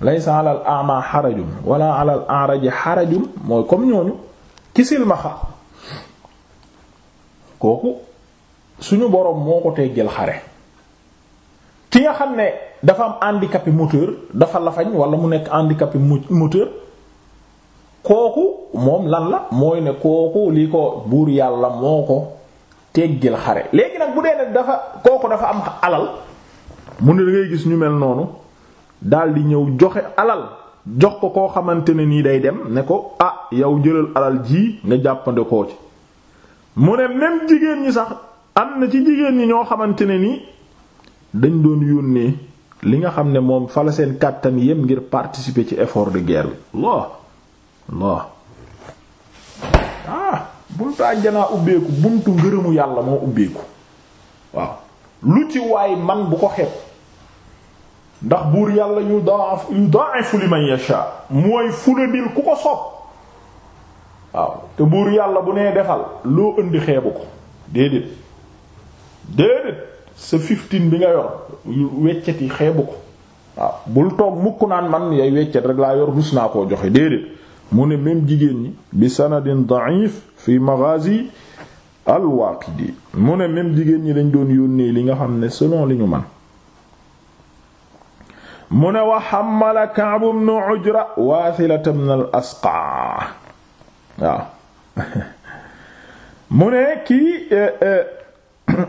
laysa alal ama xarajun wala alal araji xarajun mooy comme ñooñu ki silmaxa kooku suñu boroom moo ko teggeel xare ki nga xam ne dafa am handicapé moteur dafa lafañ wala mu nekk handicapé moteur kooku moom lan la mooy ne kooku li ko buur yàlla moo ko teggeel xare léegi nag bu dee ne dafa kooku dafa am alal mu ne da gis ñu mel noonu daldi ñëw joxe alal jox ko koo xamante ne nii day dem ne ko ah yow jëlal alal ji nga jàppande koo ci mu ne même jigéen ñi sax am na ci jigéen ñi ñoo xamante ne nii dañ doon yónnee li nga xam ne moom fala seen kàttan yem ngir participer ci effort de guerre bi Allah Allah ah buntu àjjanaa ubbeeku buntu ngërëmu yàlla moo ubbeeku waaw lu ci waay man bu ko xeeb ndax buur yàlla yu daaf yu daafu liman yasha mooy fulandil ku ko soob waaw te buur yàlla bu nee defal loo indi xeebu ko déedéet déedéet sa fifteen bi nga yor weccet yi xeebu ko waaw bul toog mukk naan man yay weccet rek laa yor rus naa koo joxe déedéet mu ne même jigéen ñi bi sanadin da'if fi maghazi al-Waqidi mu ne même jigéen ñi dañ doon yónnee li nga xam ne selon li man mu ne wa xamala Ka'b ibn Ujra Waasila ibn al-Asqa waaw <laughs> mu ne kii eh, eh, <coughs>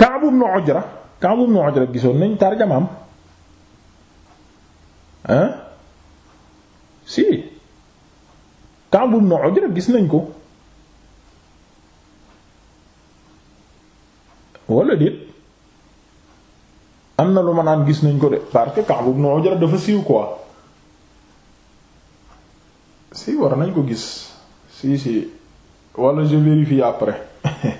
Ka'b ibn Ujra Ka'b ibn Ujra gisoon nañ tarjamaam hein si Ka'b ibn Ujra gis nañ ko walla déet am na lu ma naan gis nañ ko de parce que Ka'b ibn Ujra dafa siiw quoi si war nañ ko gis si si wala je vérifie après <laughs>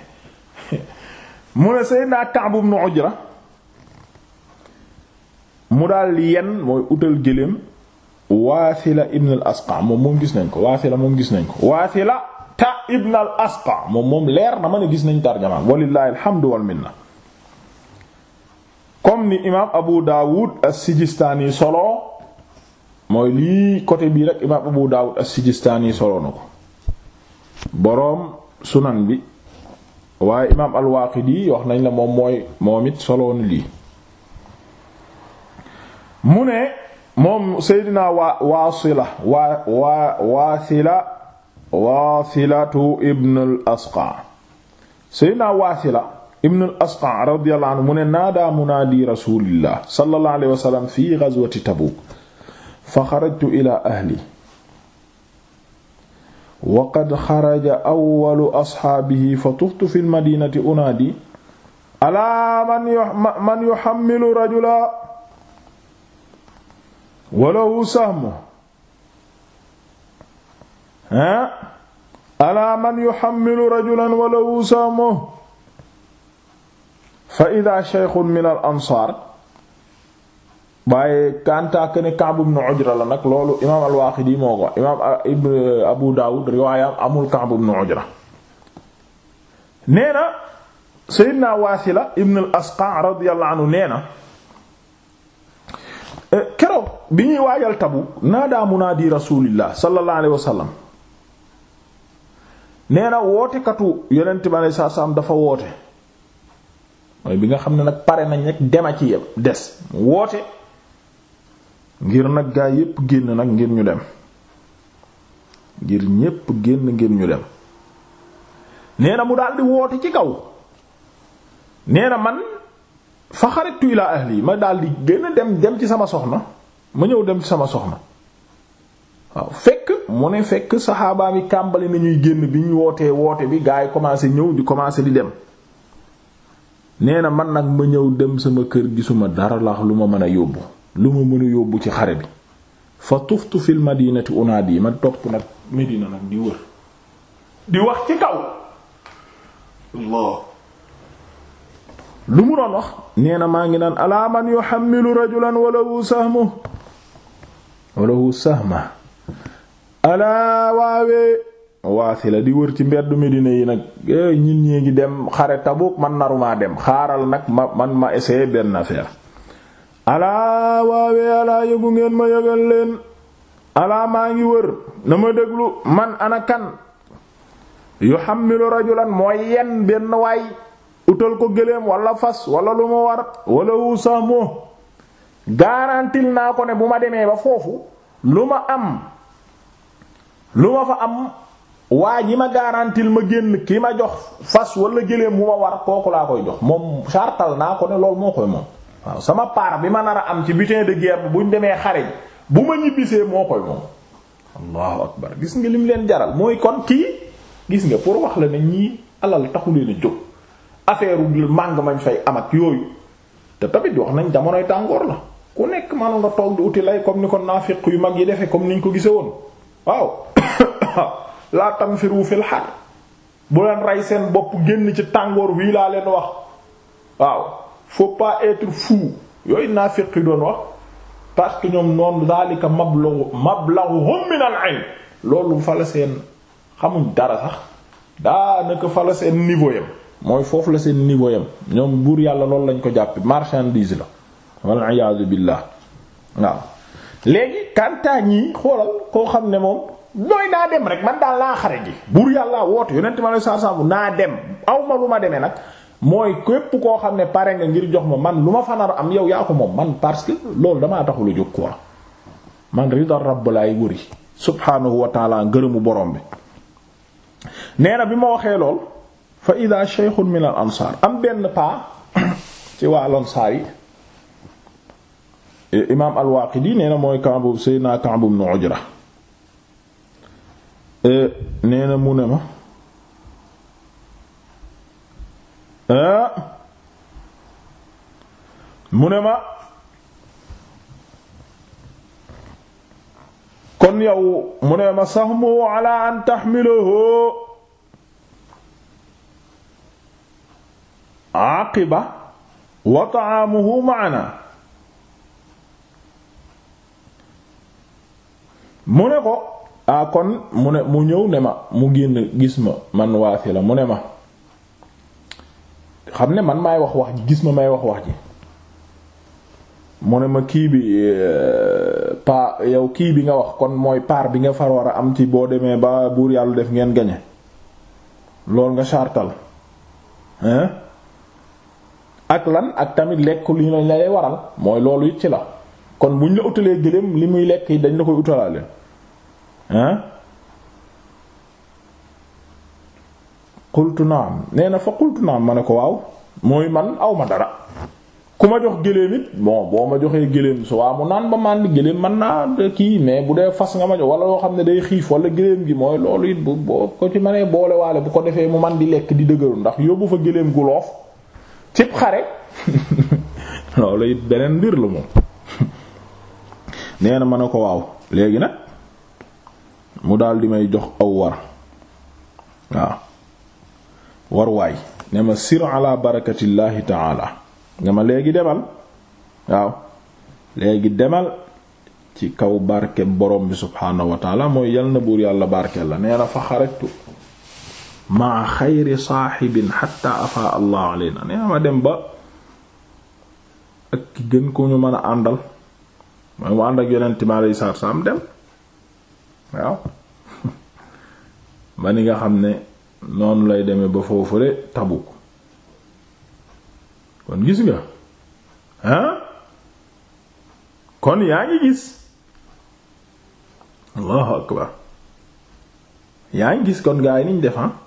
mu ne Seydina Ka'b ibn Ujra mu daal yen mooy utal gëléem Waasila ibn al-Asqa moom moom gis nañ ko Waasila moom gis nañ ko Waasila ta ibn al-Asqa moom moom leer na ma ne gis nañ tarjama walillahi alhamdu wal minna comme ni imaam Abu Dawud as-Sijistaani solo mooy lii côté bii rek imaam Abu Dawud as-Sijistaani solo na ko boroom sunan bi waaye imaam al-Waaqidi wax nañ la moom mooy moom it solo na lii mu ne moom Seydina Waasila waa waa Waasila Waasilatu ibn al-Asqa Seydina Waasila ibn al asqa radiyallahu anhu mu ne naadaa munaadi rasulillah sallallahu alayhi wa sallam fi ghazwati tabuuk fa xarajtu ila ahli wa qad xaraja awwalu asxaabihi fa tuftu fi lmadinati unaadi alaa man yuhammilu rajula wa lahu sahmu ha alaa man yuhammilu rajulan wa lahu sahmu fa ida shaykhun min al ansaar waaye kantaake ne Ka'b ibn Ujra nag loolu imaam al-Waaqidi moo ko imaam Abu Daawud riwaayam amul Ka'b ibn Ujra nee na Waasila ibn al-Asqa radiyallahu anhu nee na eh, bi ñuy waajal tabu naadaa munaadi rasulillah sallallahu alayhi wa sallam nee na wootekatu yonent bi alayhi salaam dafa woote mooy bi nga xam ne nag pare nañ nekk dem a ci yem des woote ngir nag gaa yépp génn nag ngir ñu dem ngir ñépp génn ngir ñu dem nee na mu daldi woote ci kaw nee na man fa xaritu ilaa ahli ma daldi génn a dem dem ci sama soxna ma ñëw dem ci sama soxna waaw fekk mu ne fekk saxaabaam yi kàmbali nañuy génn bi ñu wootee woote bi gaa yi commencé ñëw di commencé di dem nee na man nag ma ñëw dem sama kër gisuma dara laax lu ma mën a yóbbu lu ma mën a yóbbu ci xare bi fa tuftu fil madinati unaadi yi ma topp nag Medina nag di wër di wax ci kaw lu mu doon wax nee na maa ngi naan alaa man yuhammilu rajulan walahu sahmu walahu sahma alaa waawee waasila di wër ci mbeddu Medina yi nag eh, ñin ñi ngi dem xare Tabuk man narumaa dem xaaral nag ma man ma essayer benn affaire alaa waawee alaa yëgu ngeen ma yëgal leen alaa maa ngi wër na ma déglu man ana kan yuhammilu rajulan mooy yenn benn waay utal ko gëléem walla fas wala lu ma war wala wu saamo garantil naa ko ne bu ma demee ba foofu lu ma am lu ma fa am waa ji ma garantil ma génn ki ma jox fas wala gëléem mu ma war kooku laa koy jox moom sartal naa ko ne loolu moo koy moom waaw sama part bi ma nar a am ci butin de guerre bi ñu demee xare ji bu ma ñibbisee moo koy moom allahu akbar gis nga lim leen jaral mooy kon kii gis nga pour wax la ne ñii alal taxu leen a jóg affaire u màng ma fay am ak yooyu te tamit wax nañ jamonoy tàngoor la ku nekk man nga toog di uti lay comme ni ko naafiq yu mag yi defee comme niñ ko gise woon <coughs> <coughs> <coughs> laa tanfiru fil har bu leen rey seen bopp génn ci tàngoor wii laa leen wax waaw faut pas être fou yooyu naa féqi doon wax parce que ñoom noonu daalika mablagu mablaguhum min al-ilm loolu fa la seen xamuñ dara sax daanaka fa la seen niveau yam mooy foofu la seen niveau yam ñoom buur yàlla loolu lañ ko jàppe marchandise la wal iyaadu billah waaw léegi kantaa ñii xoolal koo xam ne moom nooy naa dem rek man daal laa xare ji buur yàlla woote yonent ma lay saa saa naa dem aw ma lu ma demee nag mooy képp koo xam ne pare nga ngir jox ma man lu ma fanaar am yow yaa ko moom man parce que damaa taxul a jóg quoi man ridal rabb laay wëri subhaanahu wa taala ngërëmu borom bi. nee bi ma waxee lool fa ida shaykhun min al ansaar am benn paa <coughs> ci waa al ansaar yi. E, imaam al waaqidi nee na mooy Ka'b sayyidina Ka'b ibn Ujra E, nee na ne ma ah kon yow mu ma sahmu ala an tahmiluhu aqiba wa ta'amuhu ma'ana mu ko ah kon mu ne mu ñëw ne ma mu génn gis ma man waafi la mu ne ma xam ne man maay wax wax ji gis ma may wax wax ji mu ne ma kii bi eh, pa yow kii bi nga wax kon mooy paar bi nga far war a am ci boo demee ba buur yàlla def ngeen gañe loolu nga chartal hein ak lan ak tamit lekk li lañ lay waral mooy loolu it ci la kon buñ la utalee gëléem li muy lekk yi dañ la koy utalaale ah qultu naam nee na fa qultu naam ma ne ko waaw mooy man aw ma dara ku ma jox géléem it bon boo ma joxee géléem su waa mu naan ba màndi géléem man naa kii mais bu dee fas nga ma jox wala loo xam ne day xiif wala géléem gi mooy loolu it bu boo ko ci mënee boole waale bu ko defee mu man di lekk di dëgëru ndax yóbbu fa géléem gu loof cib xare <laughs> loolu it beneen mbir la moom <laughs> nee na ma ne ko waaw léegi nag mu daal di may jox aw war waay ne ma sir ala barakatillaahi taala nga ma léegi demal waaw léegi demal ci kaw barke borom bi subhaanahu wa taala mooy yal na buur yàlla barke la nee na fa xarajtu maa xayri saaxibin xatta afaa allah aleyna nee na ma dem ba ak gën ko ñu mën a àndal mooy mu ànd ak yonent mi aleyhi salaatu salaam dem waaw <laughs> ba ni nga xam ne noonu lay deme ba foofule Tabuk kon gis nga ah kon yaa ngi gis allahu akbar yaa ngi gis kon gaa yi niñ defan ah?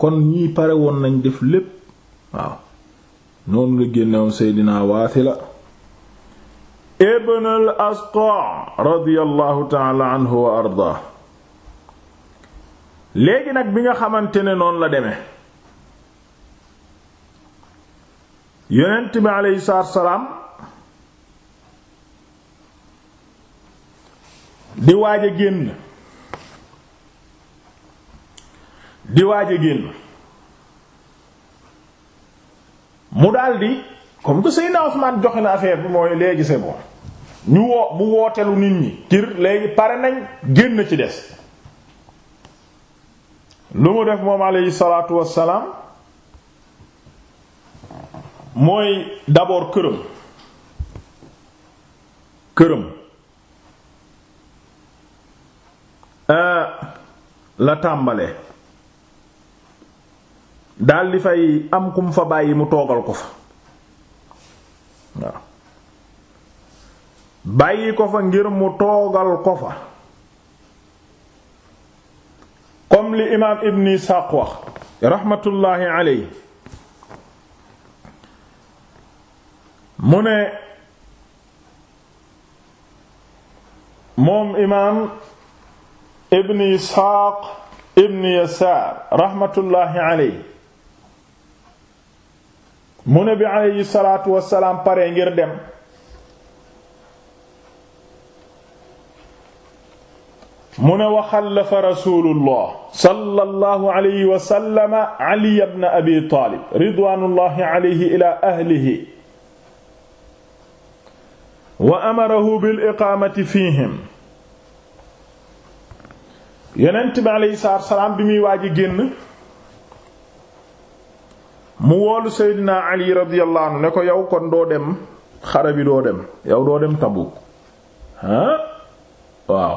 kon ñii pare woon nañ def lépp waaw noonu la génnewoon Seydina Waasila ibn al asqa radiyallahu taala anhu wa ardaa léegi nag bi nga xamante ne noonu la deme yonent bi aleyhi salaatu di waaj génn di waaj a génn mu daldi comme que Seydina Ousmane joxe na affaire bi mooy léegi c'est bon ñu woo mu wooteelu nit ñi kir léegi pare nañ génn ci des lu mu def moom aleyhi salaatu wassalaam mooy d'abord këram këram euh, la tàmbale daldi fay am kum fa bàyyi mu toogal ko fa waaw bàyyi ko fa ngir mu toogal ko fa comme li imaam ibn Isaaq wax raxmatullaahi alayhi mu ne moom imaam ibn Isaaq ibn Yasaar raxmatullaahi alayhi mu ne bi aleyhi salaatu wassalaam pare ngir dem mu ne wa xallafa rasulullah sallallahu alayhi wa sallama ali ibn abi taalib ridwanullahi alayhi ila ahlihi wa amarahu bil iqaamati fihim yonent bi alayhi salaatu wassalaam bi muy waaji génn mu woolu Seydina Ali radiyallahu anhu ne ko yow kon doo dem xare bi doo dem yow doo dem Tabuk ah waaw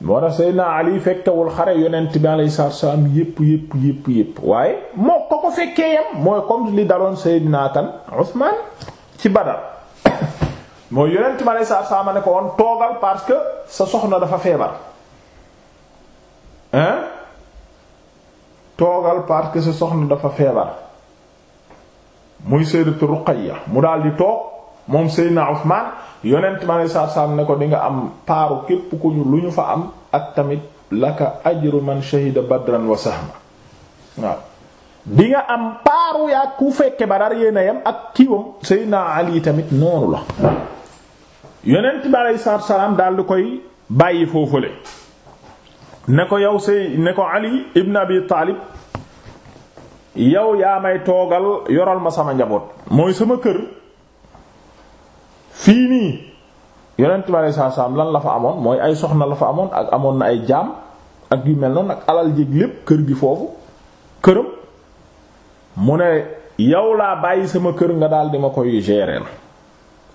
moo tax Seydina Ali fekkewul xare yonent bi alayhi salaatu salaam yépp yépp yépp waaye moo ko ko fekkee yam mooy comme li daloon Seydina kan Usmaan ci Badar <coughs> mooy yonent bi alayhi salaatu salaam ne ko woon toogal parce que sa soxna dafa feebar hein toogal parce que sa soxna dafa feebar muy sayyidatu Ruqayya mu daldi toog moom Seydina Usmaan yonent ma ne saa ne ko di nga am paaru képp ku ñu lu ñu fa am ak tamit laka ajru man shahida badran wa sahma waaw di nga am paaru yaa ku fekke Badar yéen a yem ak kiiwam Seydina Ali tamit noonu la yonent bi aleyhi salaam daal di koy bàyyi foofule ne ko yow Sey ne ko Ali ibn Abi Taalib yow yaa may toogal yoral ma sama njaboot mooy sama kër fii nii yonent bi saa saam lan la fa amoon mooy ay soxna la fa amoon ak amoon na ay jaam ak yu mel noonu ak alal jéeg lépp kër gi foofu këram mu ne yow laa bàyyi sama kër nga daal di ma koy gérer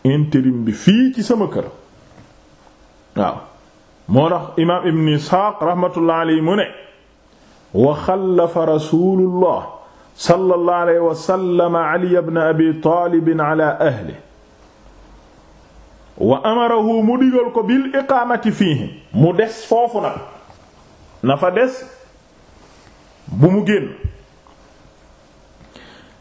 intérim bi fii ci sama kër waaw moo tax imaam ibn Isxaaq rahmatullah alayhi mu ne wa xallafa rasulullah sallallahu alayhi wa sallam ali ibn abi taalib ala ahli wa amarahu mu digal ko bil iqaamati fiihi mu des foofu nag na fa des bu mu génn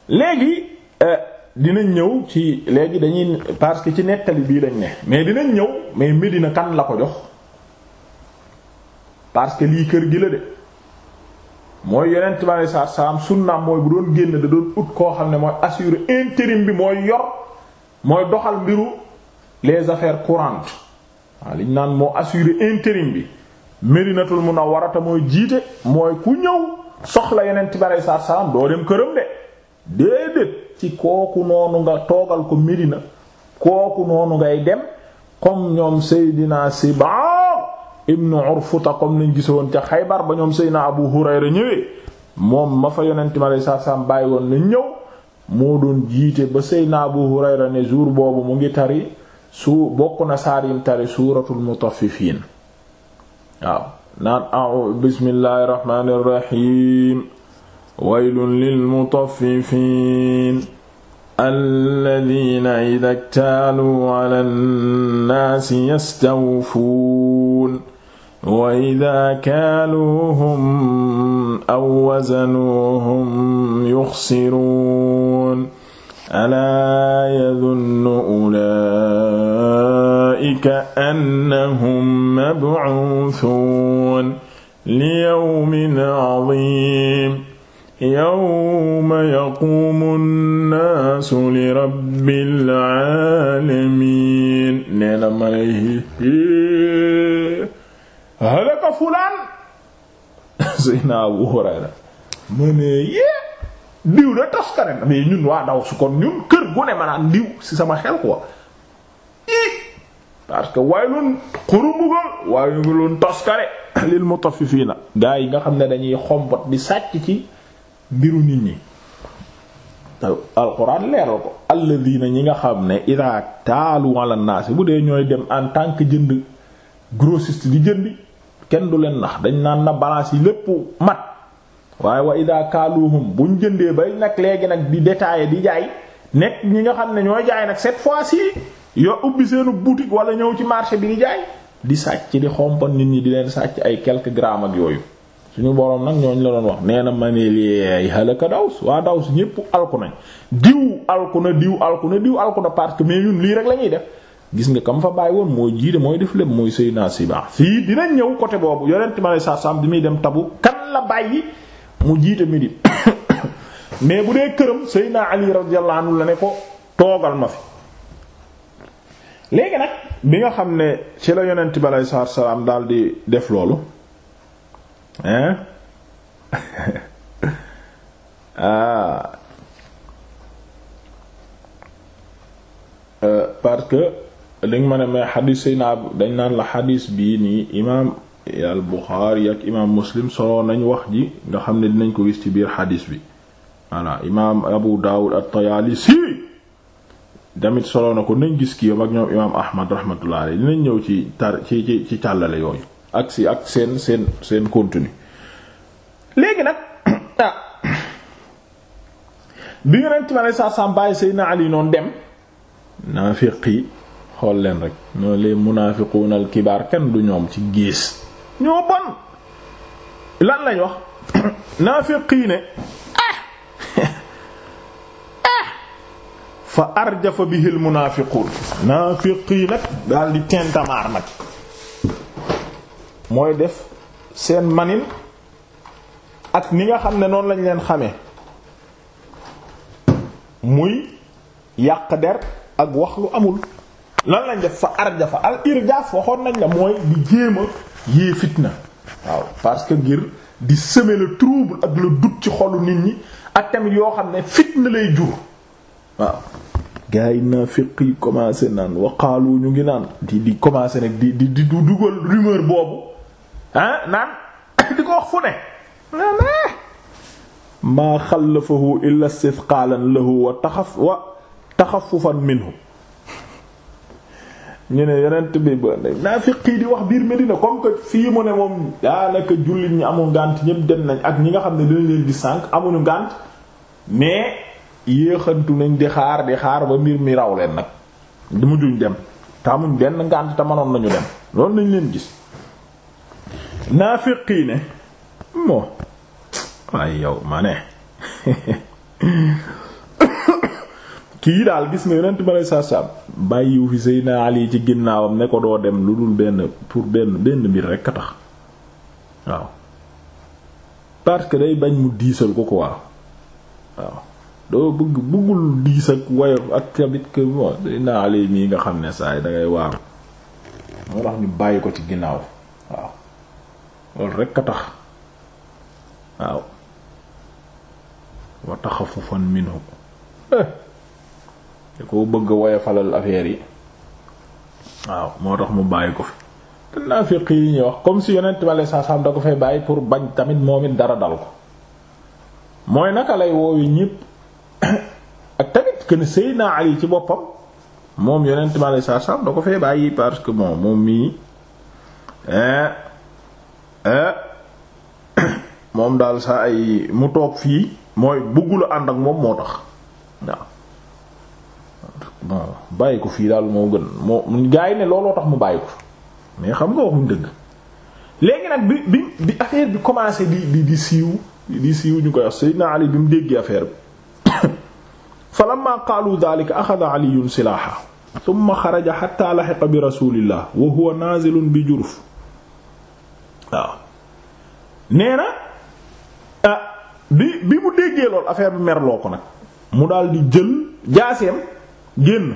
léegi euh, dinañ ñëw ci léegi dañuy parce que ci nettali bii lañ ne mais dinañ ñëw mais Medina kan la ko jox parce que lii kër gi la de mooy yonent bi alayhi salaatu salaam sunnaam mooy bu doon génn da doon ut koo xam ne mooy assurer intérim bi mooy yor mooy doxal mbiru les affaires courantes waaw liñ naan moo assurer intérim bi Medinatul war te mooy jiite mooy ku ñëw soxla yonent bi alayhi salaatu salaam doo dem këram de déedéet ci kooku noonu nga toogal ko Medina kooku noonu ngay dem comme ñoom Seydina Siba ibnu Urfuta comme nañ gisoon ca Xaybar ba ñoom Seydina Abu Hurayra ñëwee moom ma fa yonent ma lay saasam bàyyi woon nañ ñëw moo doon jiite ba Seydina Abu Hurayra ne jour boobu mu ngi tari su bokk na saar yim tari suuratul mutaffifiin waaw naan au bismillahir rahmanir rahim waylun lil mutaffifiin alladhiina idha iktaluu ala an-naasi yastawfuun wa idaa kaaluuhum aw wazanuuhum yuxsiruun alaa yadunnu ulaa'ika annahum mab'uusuun liyawmin 'aziim yawma yaquumu nnaasu lirabbil 'aalamiin nee na halaka fulaan <laughs> Seydina Abu Hurayra ma na mais ñun waa daw su kon ñun kër gu ne ma diw ci sama xel quoi parce que waaye loon xurumbugal waaye nga toskare <laughs> lil mutaffifiina gaa yi nga xam ne dañuy xombot di sàcc ci mbiru nit ñi alquran leeral ko alladina ñi nga xam ne ida taalu ala naas bu dee ñooy dem en tant que jënd grossiste di jëndi kenn du leen nax dañ naan na balance yi lépp mat waaye wa ida kaaluhum buñ jëndee bay nag léegi nag di détailler di jaay nekk ñi nga xam ne ñooy jaay nag cette fois yi yow ubbi seenu boutique wala ñëw ci marché bi di jaay di sàcc di xompan nit ñi di leen sàcc ay quelques grammes ak yooyu suñu boroom nag ñooñ la doon wax nee na ma ne ay halaka daws waa daws ñépp alku nañ diw alku na diw alku na diw alku na parce que mais ñun lii rek lañuy def gis nga kam fa bàyyi woon mooy jiite mooy def lépp mooy Seydina Siba fii dina ñëw côté boobu yonent ma lay saam bi muy dem tabu kan la bàyyi mu jiite midi <coughs> mais bu dee këram Seydina Ali radiyallahu anhu la ne ko toogal ma fi. léegi nag bi nga xam ne ci la yonent bi aleyhi salaatu salaam daal di def loolu hein <laughs> ah. euh, parce que. li nga ma ne mais xadis sayna dañ naan la xadis bii nii imaam al Buxaari ak imaam Muslim solo nañ wax ji nga xam ne dinañ ko gis ci biir xadis bi voilà imaam Abu Daawud at-Tayaalisi tamit solo na ko nañ gis kii ak ñoom ñëw ci ci ci ci càllale yooyu ak si ak seen seen seen contenu léegi nag bi nga nen ci saa saa bàyyi Ali noonu dem naafiqi xool leen rek ñoo les munaafiquuna al kibaar kenn du ñoom ci gis ñoo bon lan lañ wax <coughs> naafiqii ne ah! <coughs> ah! fa arjafa bihil munaafiquun naafiqii nag daal di tentamaar nag mooy def seen manin ak ni nga xam ne noonu lañ leen xame muy yàq der ak wax lu amul lan lañ def fa arjafa al irjaaf waxoon nañ la mooy di jéem a yee fitna waaw parce que ngir di semer le trouble ak le doute ci xolu nit ñi ak tamit yoo xam ne fitna lay jur waaw gaa yi naafiq yi commencé naan waqaalu ñu ngi naan di di commencé nag di di di dugal rumeur boobu ah naan <coughs> di ko wax fu ne eh. maa xallafahu illa istithqaalan lahu wa taxaf wa taxaffufan minhu ñu ne yenent bi ba naafiq di wax biir Medina comme que fii mu ne moom daanaka jullit ñi amul ngànt ñëpp dem nañ ak ñi nga xam ne dinañ leen gis sànq amuñu ngànt mais yéexantu nañ di xaar di xaar ba mbir mi raw leen nag du mujjuñ dem te benn ngànt te mënoon nañu dem loolu nañ leen gis naafiq ne moo waaye yow ma ne <laughs> kii daal gis nga yonent bi aleyhi salaatu salaam bàyyiwu fi Seydina Ali ci ginnaawam ne ko doo dem lu dul benn pour benn benn mbir rekk a tax waaw parce que day bañ mu diisal ko ko waaw waaw doo bëgg bëggul ak woyof ak tamit que bon Seydina Ali nga xam ne saa yi dangay waaru moo tax ñu bàyyi ko ci ginnaaw waaw loolu rekk a tax waaw wa taxafufan minhu eh. te koo bëgg woyofalal affaire yi waaw moo tax mu bàyyi ko fi te naafiq yi ñuy wax comme si yonent bale saasaam da ko fay bàyyi pour bañ tamit moom it dara dal ko mooy naka lay woowi ñépp ak tamit que ne Seydina Ali ci boppam moom yonent bale saasaam da ko fay bàyyi parce que bon moom mii <coughs> moom daal sa ay mu toog fii mooy bëggula ànd ak moom moo tax waaw bàyyi ko fii daal moo gën moo gaa yi ne looloo tax mu bàyyi ko mais xam nga waxuñ dëgg léegi nag bi bi bi affaire bi commencé di di di siiw ñu koy wax Seydina Ali bi mu déggee affaire bi <coughs> fa lamma qaalu daalika axada bi rasulillah wa huwa juruf waaw nee na ah, bi bi mu déggee lool affaire bi merloo ko nag mu daal di jël jaaseem génn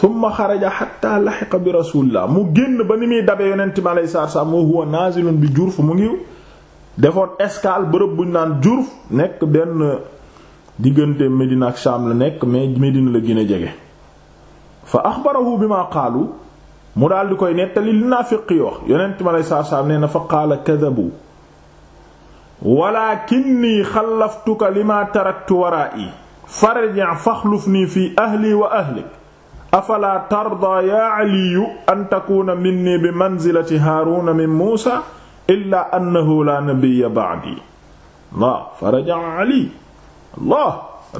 summa xaraja xatta laxiqa bi rasulillah mu génn ba ni muy dabee yonent mi aleyhi salaatu salaam wa huwa nazilun bi jurf mu ngi defoon escale bërëb buñ naan jurf nekk benn diggante Medina ak Sham la nekk Medina la gën a jege fa axbarahu bi ma qaalu mu daal di koy nettali li naafiq yi wax yonent mi aleyhi salaatu salaam nee na fa qaala kadabu walakinnii xallaftuka lima taraktu waraa'i fa faxlufnii fii ahlii wa ahlik afalaa tardaa yaa aliyu an takuuna minnii bi manzilati haaruuna min muusa illaa annahu laa nabiyya ba'dii allah faraja'a ali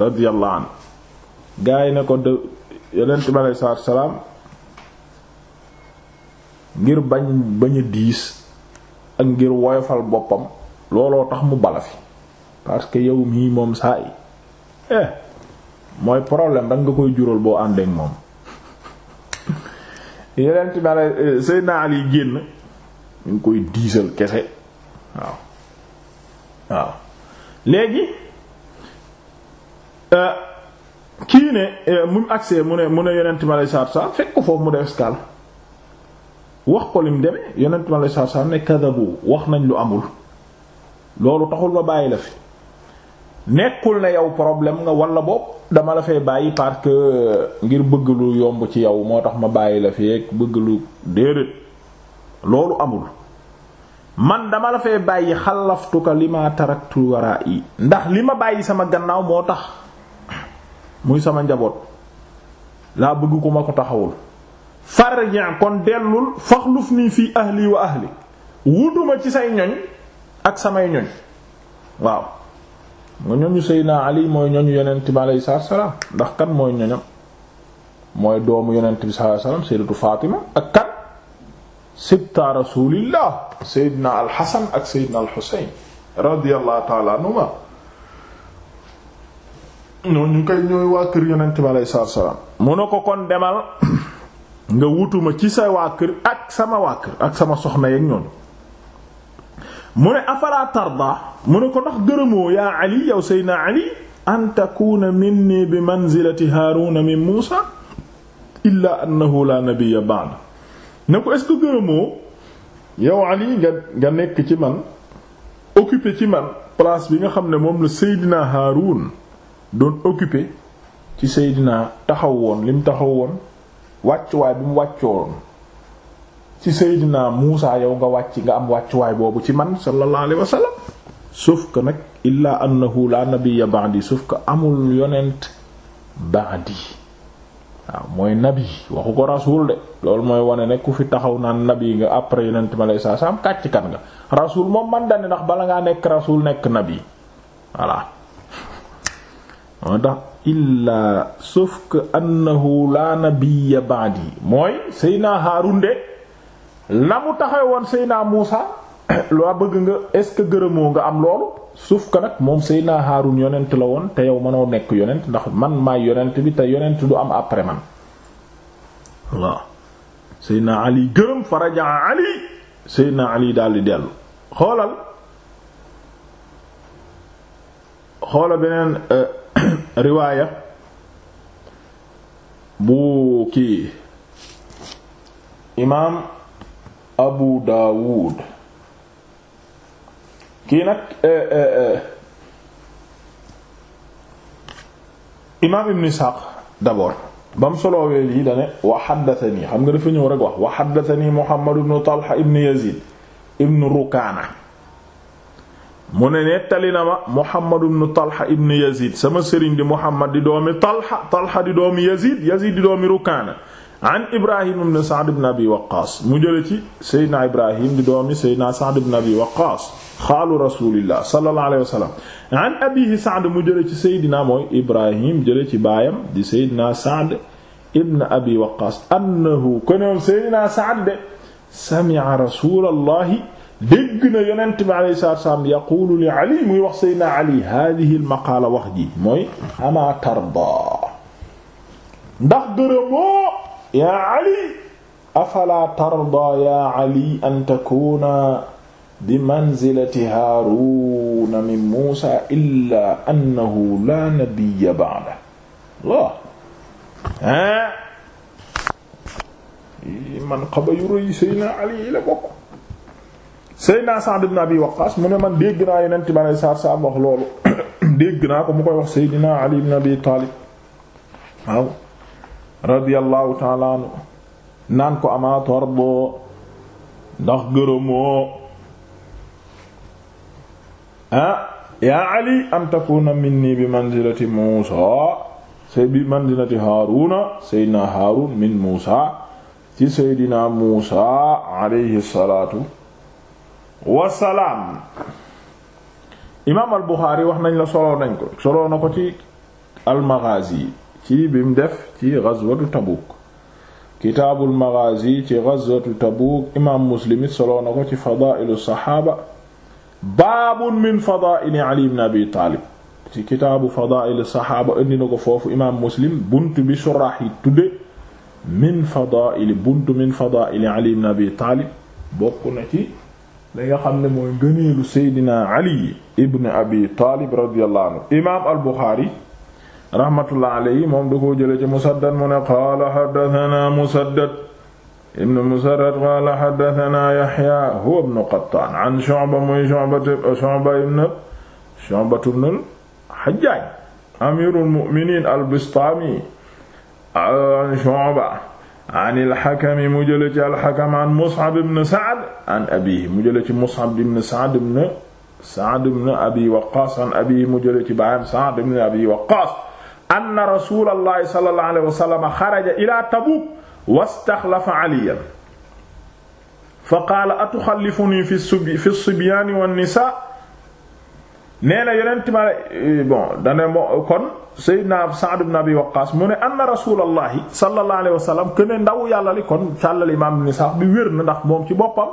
radiyallahu anhu gaa ne ko de yonent bi salaam ngir bañ bañ diis ak ngir woyofal boppam looloo tax mu bala parce que yow mii moom saa yi eh mooy problème rek nga koy juróol boo àndeek moom yeneen tibe Seydina Ali génn ñu ngi koy diisal kese waaw waaw léegi euh, kii ne euh, mu agsee mu ne mu ne yonent ma lay saar saar fekk ko foofu mu def escale wax ko lim demee yonent ma lay saar saar ne kadabu wax nañ lu amul loolu taxul ma bàyyi la fi nekkul ne yow problème nga walla bopp dama la fay bàyyi parce ngir bëgg lu yomb ci yow moo tax ma bàyyi la fi ak bëgg lu déedéet loolu amul man dama la fay bàyyi xalaftuka li ma taraktu waraa ndax li ma bàyyi sama gannaaw moo tax muy sama njaboot laa bëgg ku ma ko taxawul farji kon dellul faxluf nii fii ahli wa ahli wutuma ci say ñoñ ak samay ñoñ waaw mu ñoñu Seydina Ali mooy ñoñu yonent bi alayhi salaam ndax kan mooy ñoñam mooy doomu yonent bi sallallahu alayhi wasallam ak kan sibta rasulillah Seydina al-Hasan ak Seydina al-Husayn radiyallahu ta'ala anhuma ñooñu salaam mu ne ko kon demal nga wutuma ci sa waa kër ak sama waa kër ak sama soxna yeeg ñoom mu ne afala tarda mu ne ko ndax gërëmoo yaa ali yow seydna ali an takuna minni bi manzilati haaruna min muusa illa annahu la nabiyya ba'd ne ko est-ce gërëmoo yow ali nga nga nekk ci man occupé ci man place bi nga xam ne moom la seydna haarun doon occupé ci seydna taxaw woon lim taxaw woon wàccuwaay bi mu wàccoon ci Seydina Muusa yow nga wàcc nga am wàccuwaay boobu ci man sallallahu alayhi wa sallam sauf nag illaa annahu la nabiyya ba'di sauf que amul yonent ba'di waaw mooy nabi waxu ko rasul de loolu mooy wone ne ku fi taxaw naan nabi nga après yonent ma lay saa saam kàcc kan nga rasul moom man dane ndax bala ngaa nekk rasul nekk nabi voilà moo tax illaa sauf que annahu la nabiyya ba'di mooy Seydina Haarun de na mu taxaw woon Seydina Muusa <coughs> loo bëgg nga est-ce que gërëmoo nga am loolu suuf ka nag moom Seydina Haarun yonent la woon te yow mënoo nekk yonent ndax man maay yonent bi te yonent du am après man waaw Seydina Ali gërëm faraja Ali Seydina Ali daal di dellu xoolal xoola beneen euh, <coughs> riwaaya bu kii imaam abu daawud kii nag eh, eh, eh, imaam ibn Isxaaq d'abord ba mu soloowee lii dane wa xaddatani xam nga dafa ñëw rek wax wa xaddatani Muhammad ibn Talha ibn Yazid ibn Rukaana mu ne nettali na ma Muhammad ibn Talha ibn Yazid sama sëriñ di Muhammad di doomi Talha Talha di doomi Yazid Yazid di doomi Rukaana an Ibrahim ibn Sa'd ibn Abi Waqqas mu jële ci Seydina Ibrahim di doomi Seydina Sa'd ibn Abi Waqqas xaalu rasulillah sallallahu alayhi wa sallam an abihi Sa'd mu jële ci Seydina mooy Ibrahim jële ci baayam di Seydina Sa'd ibn Abi Waqqas annahu konoom Seydina Sa'd de sami'a rasulallahi dégg na yonent bi alayhi salaatu wa salaam yaqulu li Ali muy wax Seydina Ali haadihi al-maqaala wax ji mooy ama tarda ndax gërëmoo yaa ali afala tarda ya ali an takuna bi manzilati haaruna min muusa illa annahu la nabiyya ba'da Allah ah man xaba yu rëy Seydina Ali la bokk Seydina Sa'd ibn Abi Waqqas mu ne man dégg naa Yonent bi alayhi salaatu salaam wax loolu <coughs> dégg naa ko mu koy wax Seydina Ali ibn Abi Taalib waaw radiyallahu taala anu naan ko ama torbo ndax gërëmoo ah yaa ali an takuna minni bi manzilati muusa say bi manzilati haaruna seydina haarun min muusa ci seydina muusa alayhi salaatu wasalaam imaam al buxaari wax nañ la solo nañ ko solo na ko ci al maghazi ci bim def ci ghazwatu Tabuk kitaabul maghazi ci ghazwatu Tabuk imaam Muslim soloo na ko ci fadaa'ilu saxaaba baabun min fadaa'ili Ali ibn Abi Taalib ci kitaabu fadaa'ili saxaaba indi na ko foofu imaam Muslim buntu bi suraax yi tudde min fadaa'ili buntu min Ali ibn Abi Taalib bokk na ci li nga xam ne mooy ngëneelu Seydina Ali ibn Abi Taalib radiyallahu anhu imaam rahmatullah alayhi moom da koo jëlee ci Musaddad mu ne qaala haddathana Musaddad ibn Musarhad qaala haddathana Yahya huwa ibn Qattan an Shu'ba muy Shu'ba Shu'ba ibn Shu'ba ibn al-Hajjaj amirul mu'minin al-Bistami an Shu'ba an al-Hakam mu jëlee ci al-Hakam an Mus'ab ibn Sa'd an abihi mu jëlee ci Mus'ab ibn Sa'd ibn Sa'd ibn Abi Waqqas an abihi mu jëlee ci baayam Sa'd ibn Abi Waqqas anna rasulallahi sallallahu alayhi wa sallam xaraja ila Tabuk wastaxlafa Aliyan fa qaala atuxallifuni fi sibyaani wan nisaa nee na yonent ma bon dane mo kon Seydina Sa'd ibn Abi Waqqaas mu ne anna rasulallahi sallallahu alayhi wa sallam ne ndaw yàlla li kon càllal imaam nisaa bi wér na ndax moom ci boppam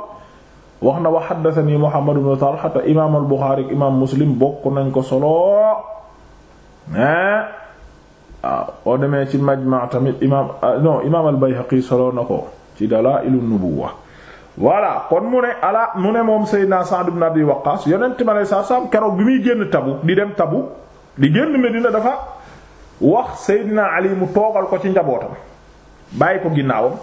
wax na wa xaddatani Muhammad ibn Talha imaam al-Buxaari imaam Muslim bokk nañ ko solo ah waaw ah, boo demee ci majma tamit imaam ah, non imaam al-Bayhaqi soloo na ko ci Dalaa'ilun wa voilà kon mu ne ala mu ne moom Seydina Sa'd ibn Abi Waqqas yonent ma lay saa keroog bi muy génn Tabuk di dem Tabuk di génn Medina dafa wax Seydina Ali mu toogal ko ci njabootam bàyyi ko ginnaawam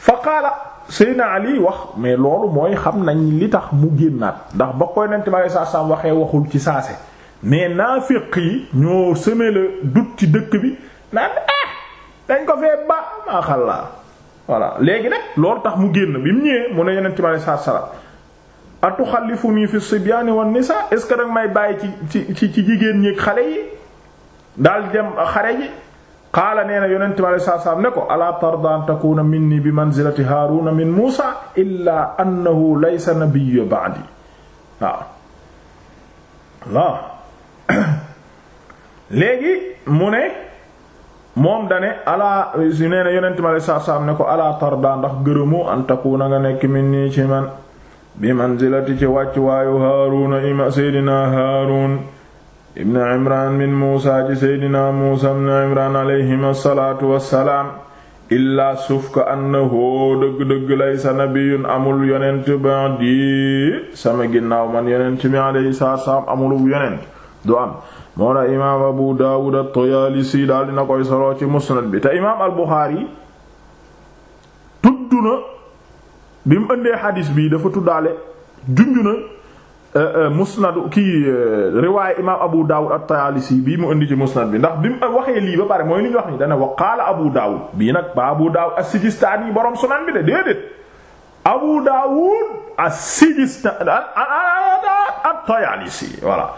fa qaala Seydina Ali wax mais loolu mooy xam nañ li tax mu génnaat ndax ba koy yonent ma lay saa waxee waxul ci saase. mais naafiq yi ñoo semé le doute ci dëkk bi naan eh, dañ ko fee ba maa xallaa léegi nag loolu tax mu génn bi mu ñëwee mu ne yeneen ci ma saa sala atuxallifuni fi sibyaani wan nisa est ce que danga may bàyyi ci ci ci jigéen ñi xale yi daal dem xare yi qaala nee na yonente mi alayhi salaatu salaam ne ko alaa tarda an takuuna nii bi manzilati haaruna min muusa illaa annahu laysa nabiyyu ba'di waaw <coughs> léegi mu ne moom dane alaa si nee na yonent ma lay saab ne ko alaa tarda ndax gërëmoo an takuna nga nekk min nii ci man bi manzilati ci wàcc waayu haaruna ima seydinaa haarun ibn imran min muusa ci seydinaa muusa ibn imran alayhim assalaatu wassalaam illaa suuf ka annahu dëgg-dëgg lay sa nabiyun amul yonent ba di sama ginnaaw man yonent mi alayhi salaam amul yonent du am moo na imaam Abu Dawud at-Tayalisi daal dina koy soloo ci musnad bi te imaam al-Bukhari tudd na bi mu ëndee xadiis bi dafa tuddaale junj na eh, eh, musnadu kii eh, riwaay imaam Abu Dawud at-Tayalisi bii mu indi ci musnad bi ndax bi waxee lii ba pare mooy li ñu wax ni dana wa qaala Abu Dawud bii nag ba Abu Dawud as-Sijistaani borom sunan bi de déedéet Abu Dawud as-Sijistaani at-Tayalisi ah, ah, ah, voilà.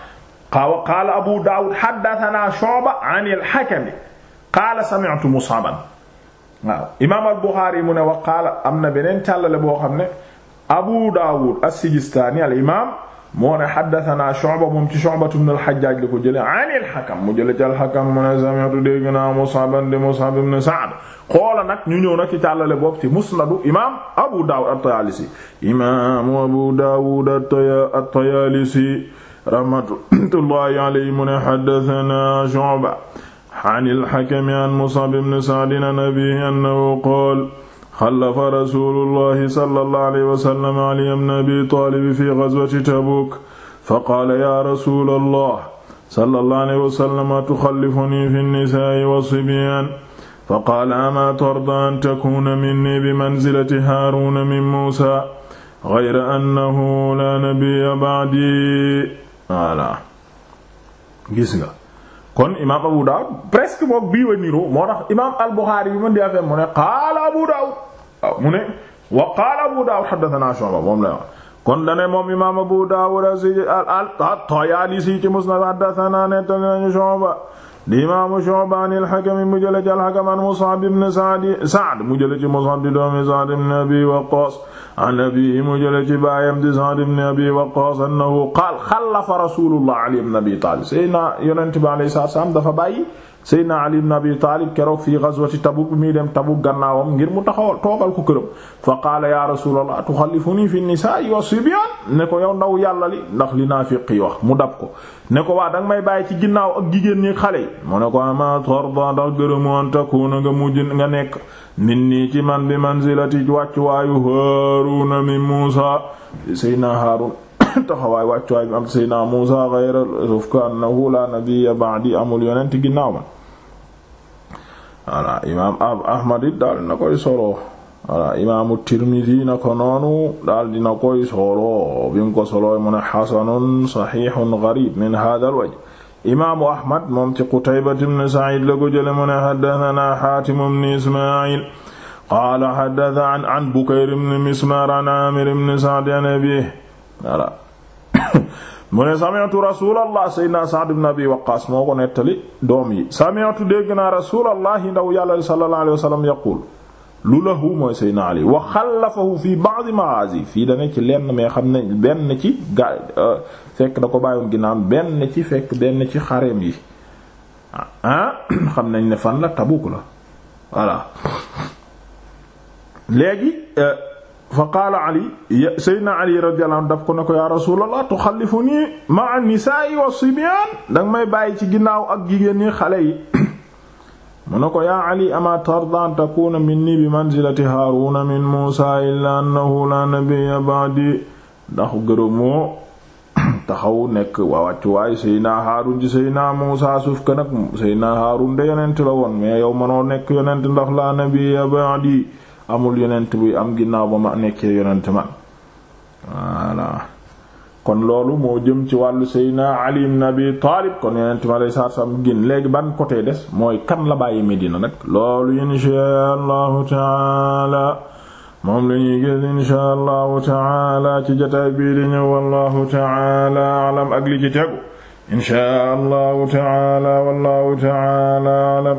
qaala qaala Abu Daawud haddasanaa Shu'ba an al-Hakam qaala sami'tu Mus'aban waaw imaam al-Buxaari mu ne wa qaala am na beneen càllale boo xam ne Abu Daawud as-Sijistaani al-imaam moo ne haddasanaa Shu'ba moom ci Shu'ba ibn al-Hajjaaj la ko jëlee an al-Hakam mu jëlee ci al-Hakam mu ne sami'tu dégg naa Mus'aban de Mus'ab ibn Sa'd xoola nag ñu ñëw nag ci càllale boobu ci musnadu imaam Abu Daawud at-Tayaalisi imaam Abu Daawud at-Tayaalisi rahmatullahi alayhi mu ne xaddatana Shu'ba an al-Hakam an Mus'ab ibn Sa'd an abiihi annahu qaala xalafa rasuulullahi sallallahu alayhi wa sallam Ali ibn Abi Taalib fi ghazwati Tabuuk faqaala yaa rasuulallah sallallahu alayhi wa sallam tuxallifuni fi nisaa'i wa sibyaan faqaala amaa tardaa an takuuna minnii bimanzilati Haaruuna min Muusaa ghayra annahu laa nabiyya ba'dii voilà gis nga kon imaam Abu Dawud presque moom bii wa niru imaam al-Bukhari bi di affaire mu ne Abu Dawud waaw mu ne wa qaala Abu Dawud haddathana Shu'ba moom la kon dane moom imaam Abu Dawud as-Tayalisi ci Musnad haddathana ne tag nañu Shu'ba di imaamu Shu'ba an al-Hakam mu jële ci al-Hakam an Mus'ab ibn Sa'd Sa'd mu jële ci Mus'ab di doomi Sa'd ibn Abi Waqqas an abiihi mu jële ci baayam di Sa'd ibn Abi Waqqas annahu qaala xalafa Rasuulullah Ali ibn Abi Taalib Seydina Yonent bi alayhi salaam dafa bàyyi Seydina Ali ibn Abi Taalib keroog fii ghazwati Tabuk mi dem tabu gannaawam ngir mu taxawal toogal ko këram fa qaala yaa rasuulallah tuxallifuni fi nisaa'i wa sibyaan ne ko yow ndaw yàlla li ndax li naa yi wax mu dab ko ne ko waa danga may bàyyi ci ginnaaw ak jigéen ñi xale yi mu ne ko ama tarda ndax gërëmoon takuuna nga mujj nga nekk min nii ci man bi manzilati wàcc waayu Haaruna min Muusaa Seydina Haarun <laughs> taxawaay wàccuwaay bi am sayna Muusaa ghayra sauf que annahu la nabiyya ba'di amul yonent ginnaaw ma voilà imaam Ahmad it daal dina koy solo voilà imaamu Tirmidi na ko noonu daal dina koy solo bi mu ko solo mu ne xasanun saxiixun gariib min haadal wajh imaamu Ahmad moom ci Qutayba ibn Sa'iid la ko jëlee mu ne haddasanaa Haatim ibn Ismaa'iil qaala haddasanaa an Bukayr ibn Mismaar an Aamir ibn Sa'd an abiihi voilà <coughs> mu ne sami'tu rasulallah sayyidina Sa'd ibn Abi moo ko nettali doom yi sami'tu dégg naa yi ndaw yàlla sallallahu alayhi wa sallam yaqul lu lahu mooy sayyidina Ali wa xalafahu fi ba'd yi fii dane ci lenn mais xam ne benn ci ga euh, fekk da ko bàyyoon ginnaaw benn ci fekk benn ci xareem yi ah, ah xam nañ ne fan la Tabuk la voilà léegi euh, fa qaala ali seydna ali radiyallahu anhu daf ko ne ko yaa rasulallah tuxallifuni ma'a nisaa'i wa sibyaan danga may bàyyi ci ginnaaw ak jigéen ñi xale yi <coughs> mu ne ko yaa ali ama tarda an takuna minni bi manzilati haaruna min muusa illa annahu la nabiyya ba'di ndax gërëmoo <coughs> taxaw nekk waa wàccuwaay seydna haarun ci seydna muusa suuf ka seydna haarun de yonent la woon mais yow mënoo nekk yonent ndax la nabiyya ba'di amul yonent buy am ginnaaw ba ma nekkee yonent man voilà kon loolu moo jëm ci wàllu Seydina Ali ibn Abi Taalib kon yonent ma lay saar sam génn léegi ban côté des mooy kan la bàyyi Medina nag loolu inshaa allahu taala moom la ñuy gis inshaa allahu taala ci jotaay bii di ñëw wallahu taala alam ak li ci tegu inshaa allahu taala wallahu taala alam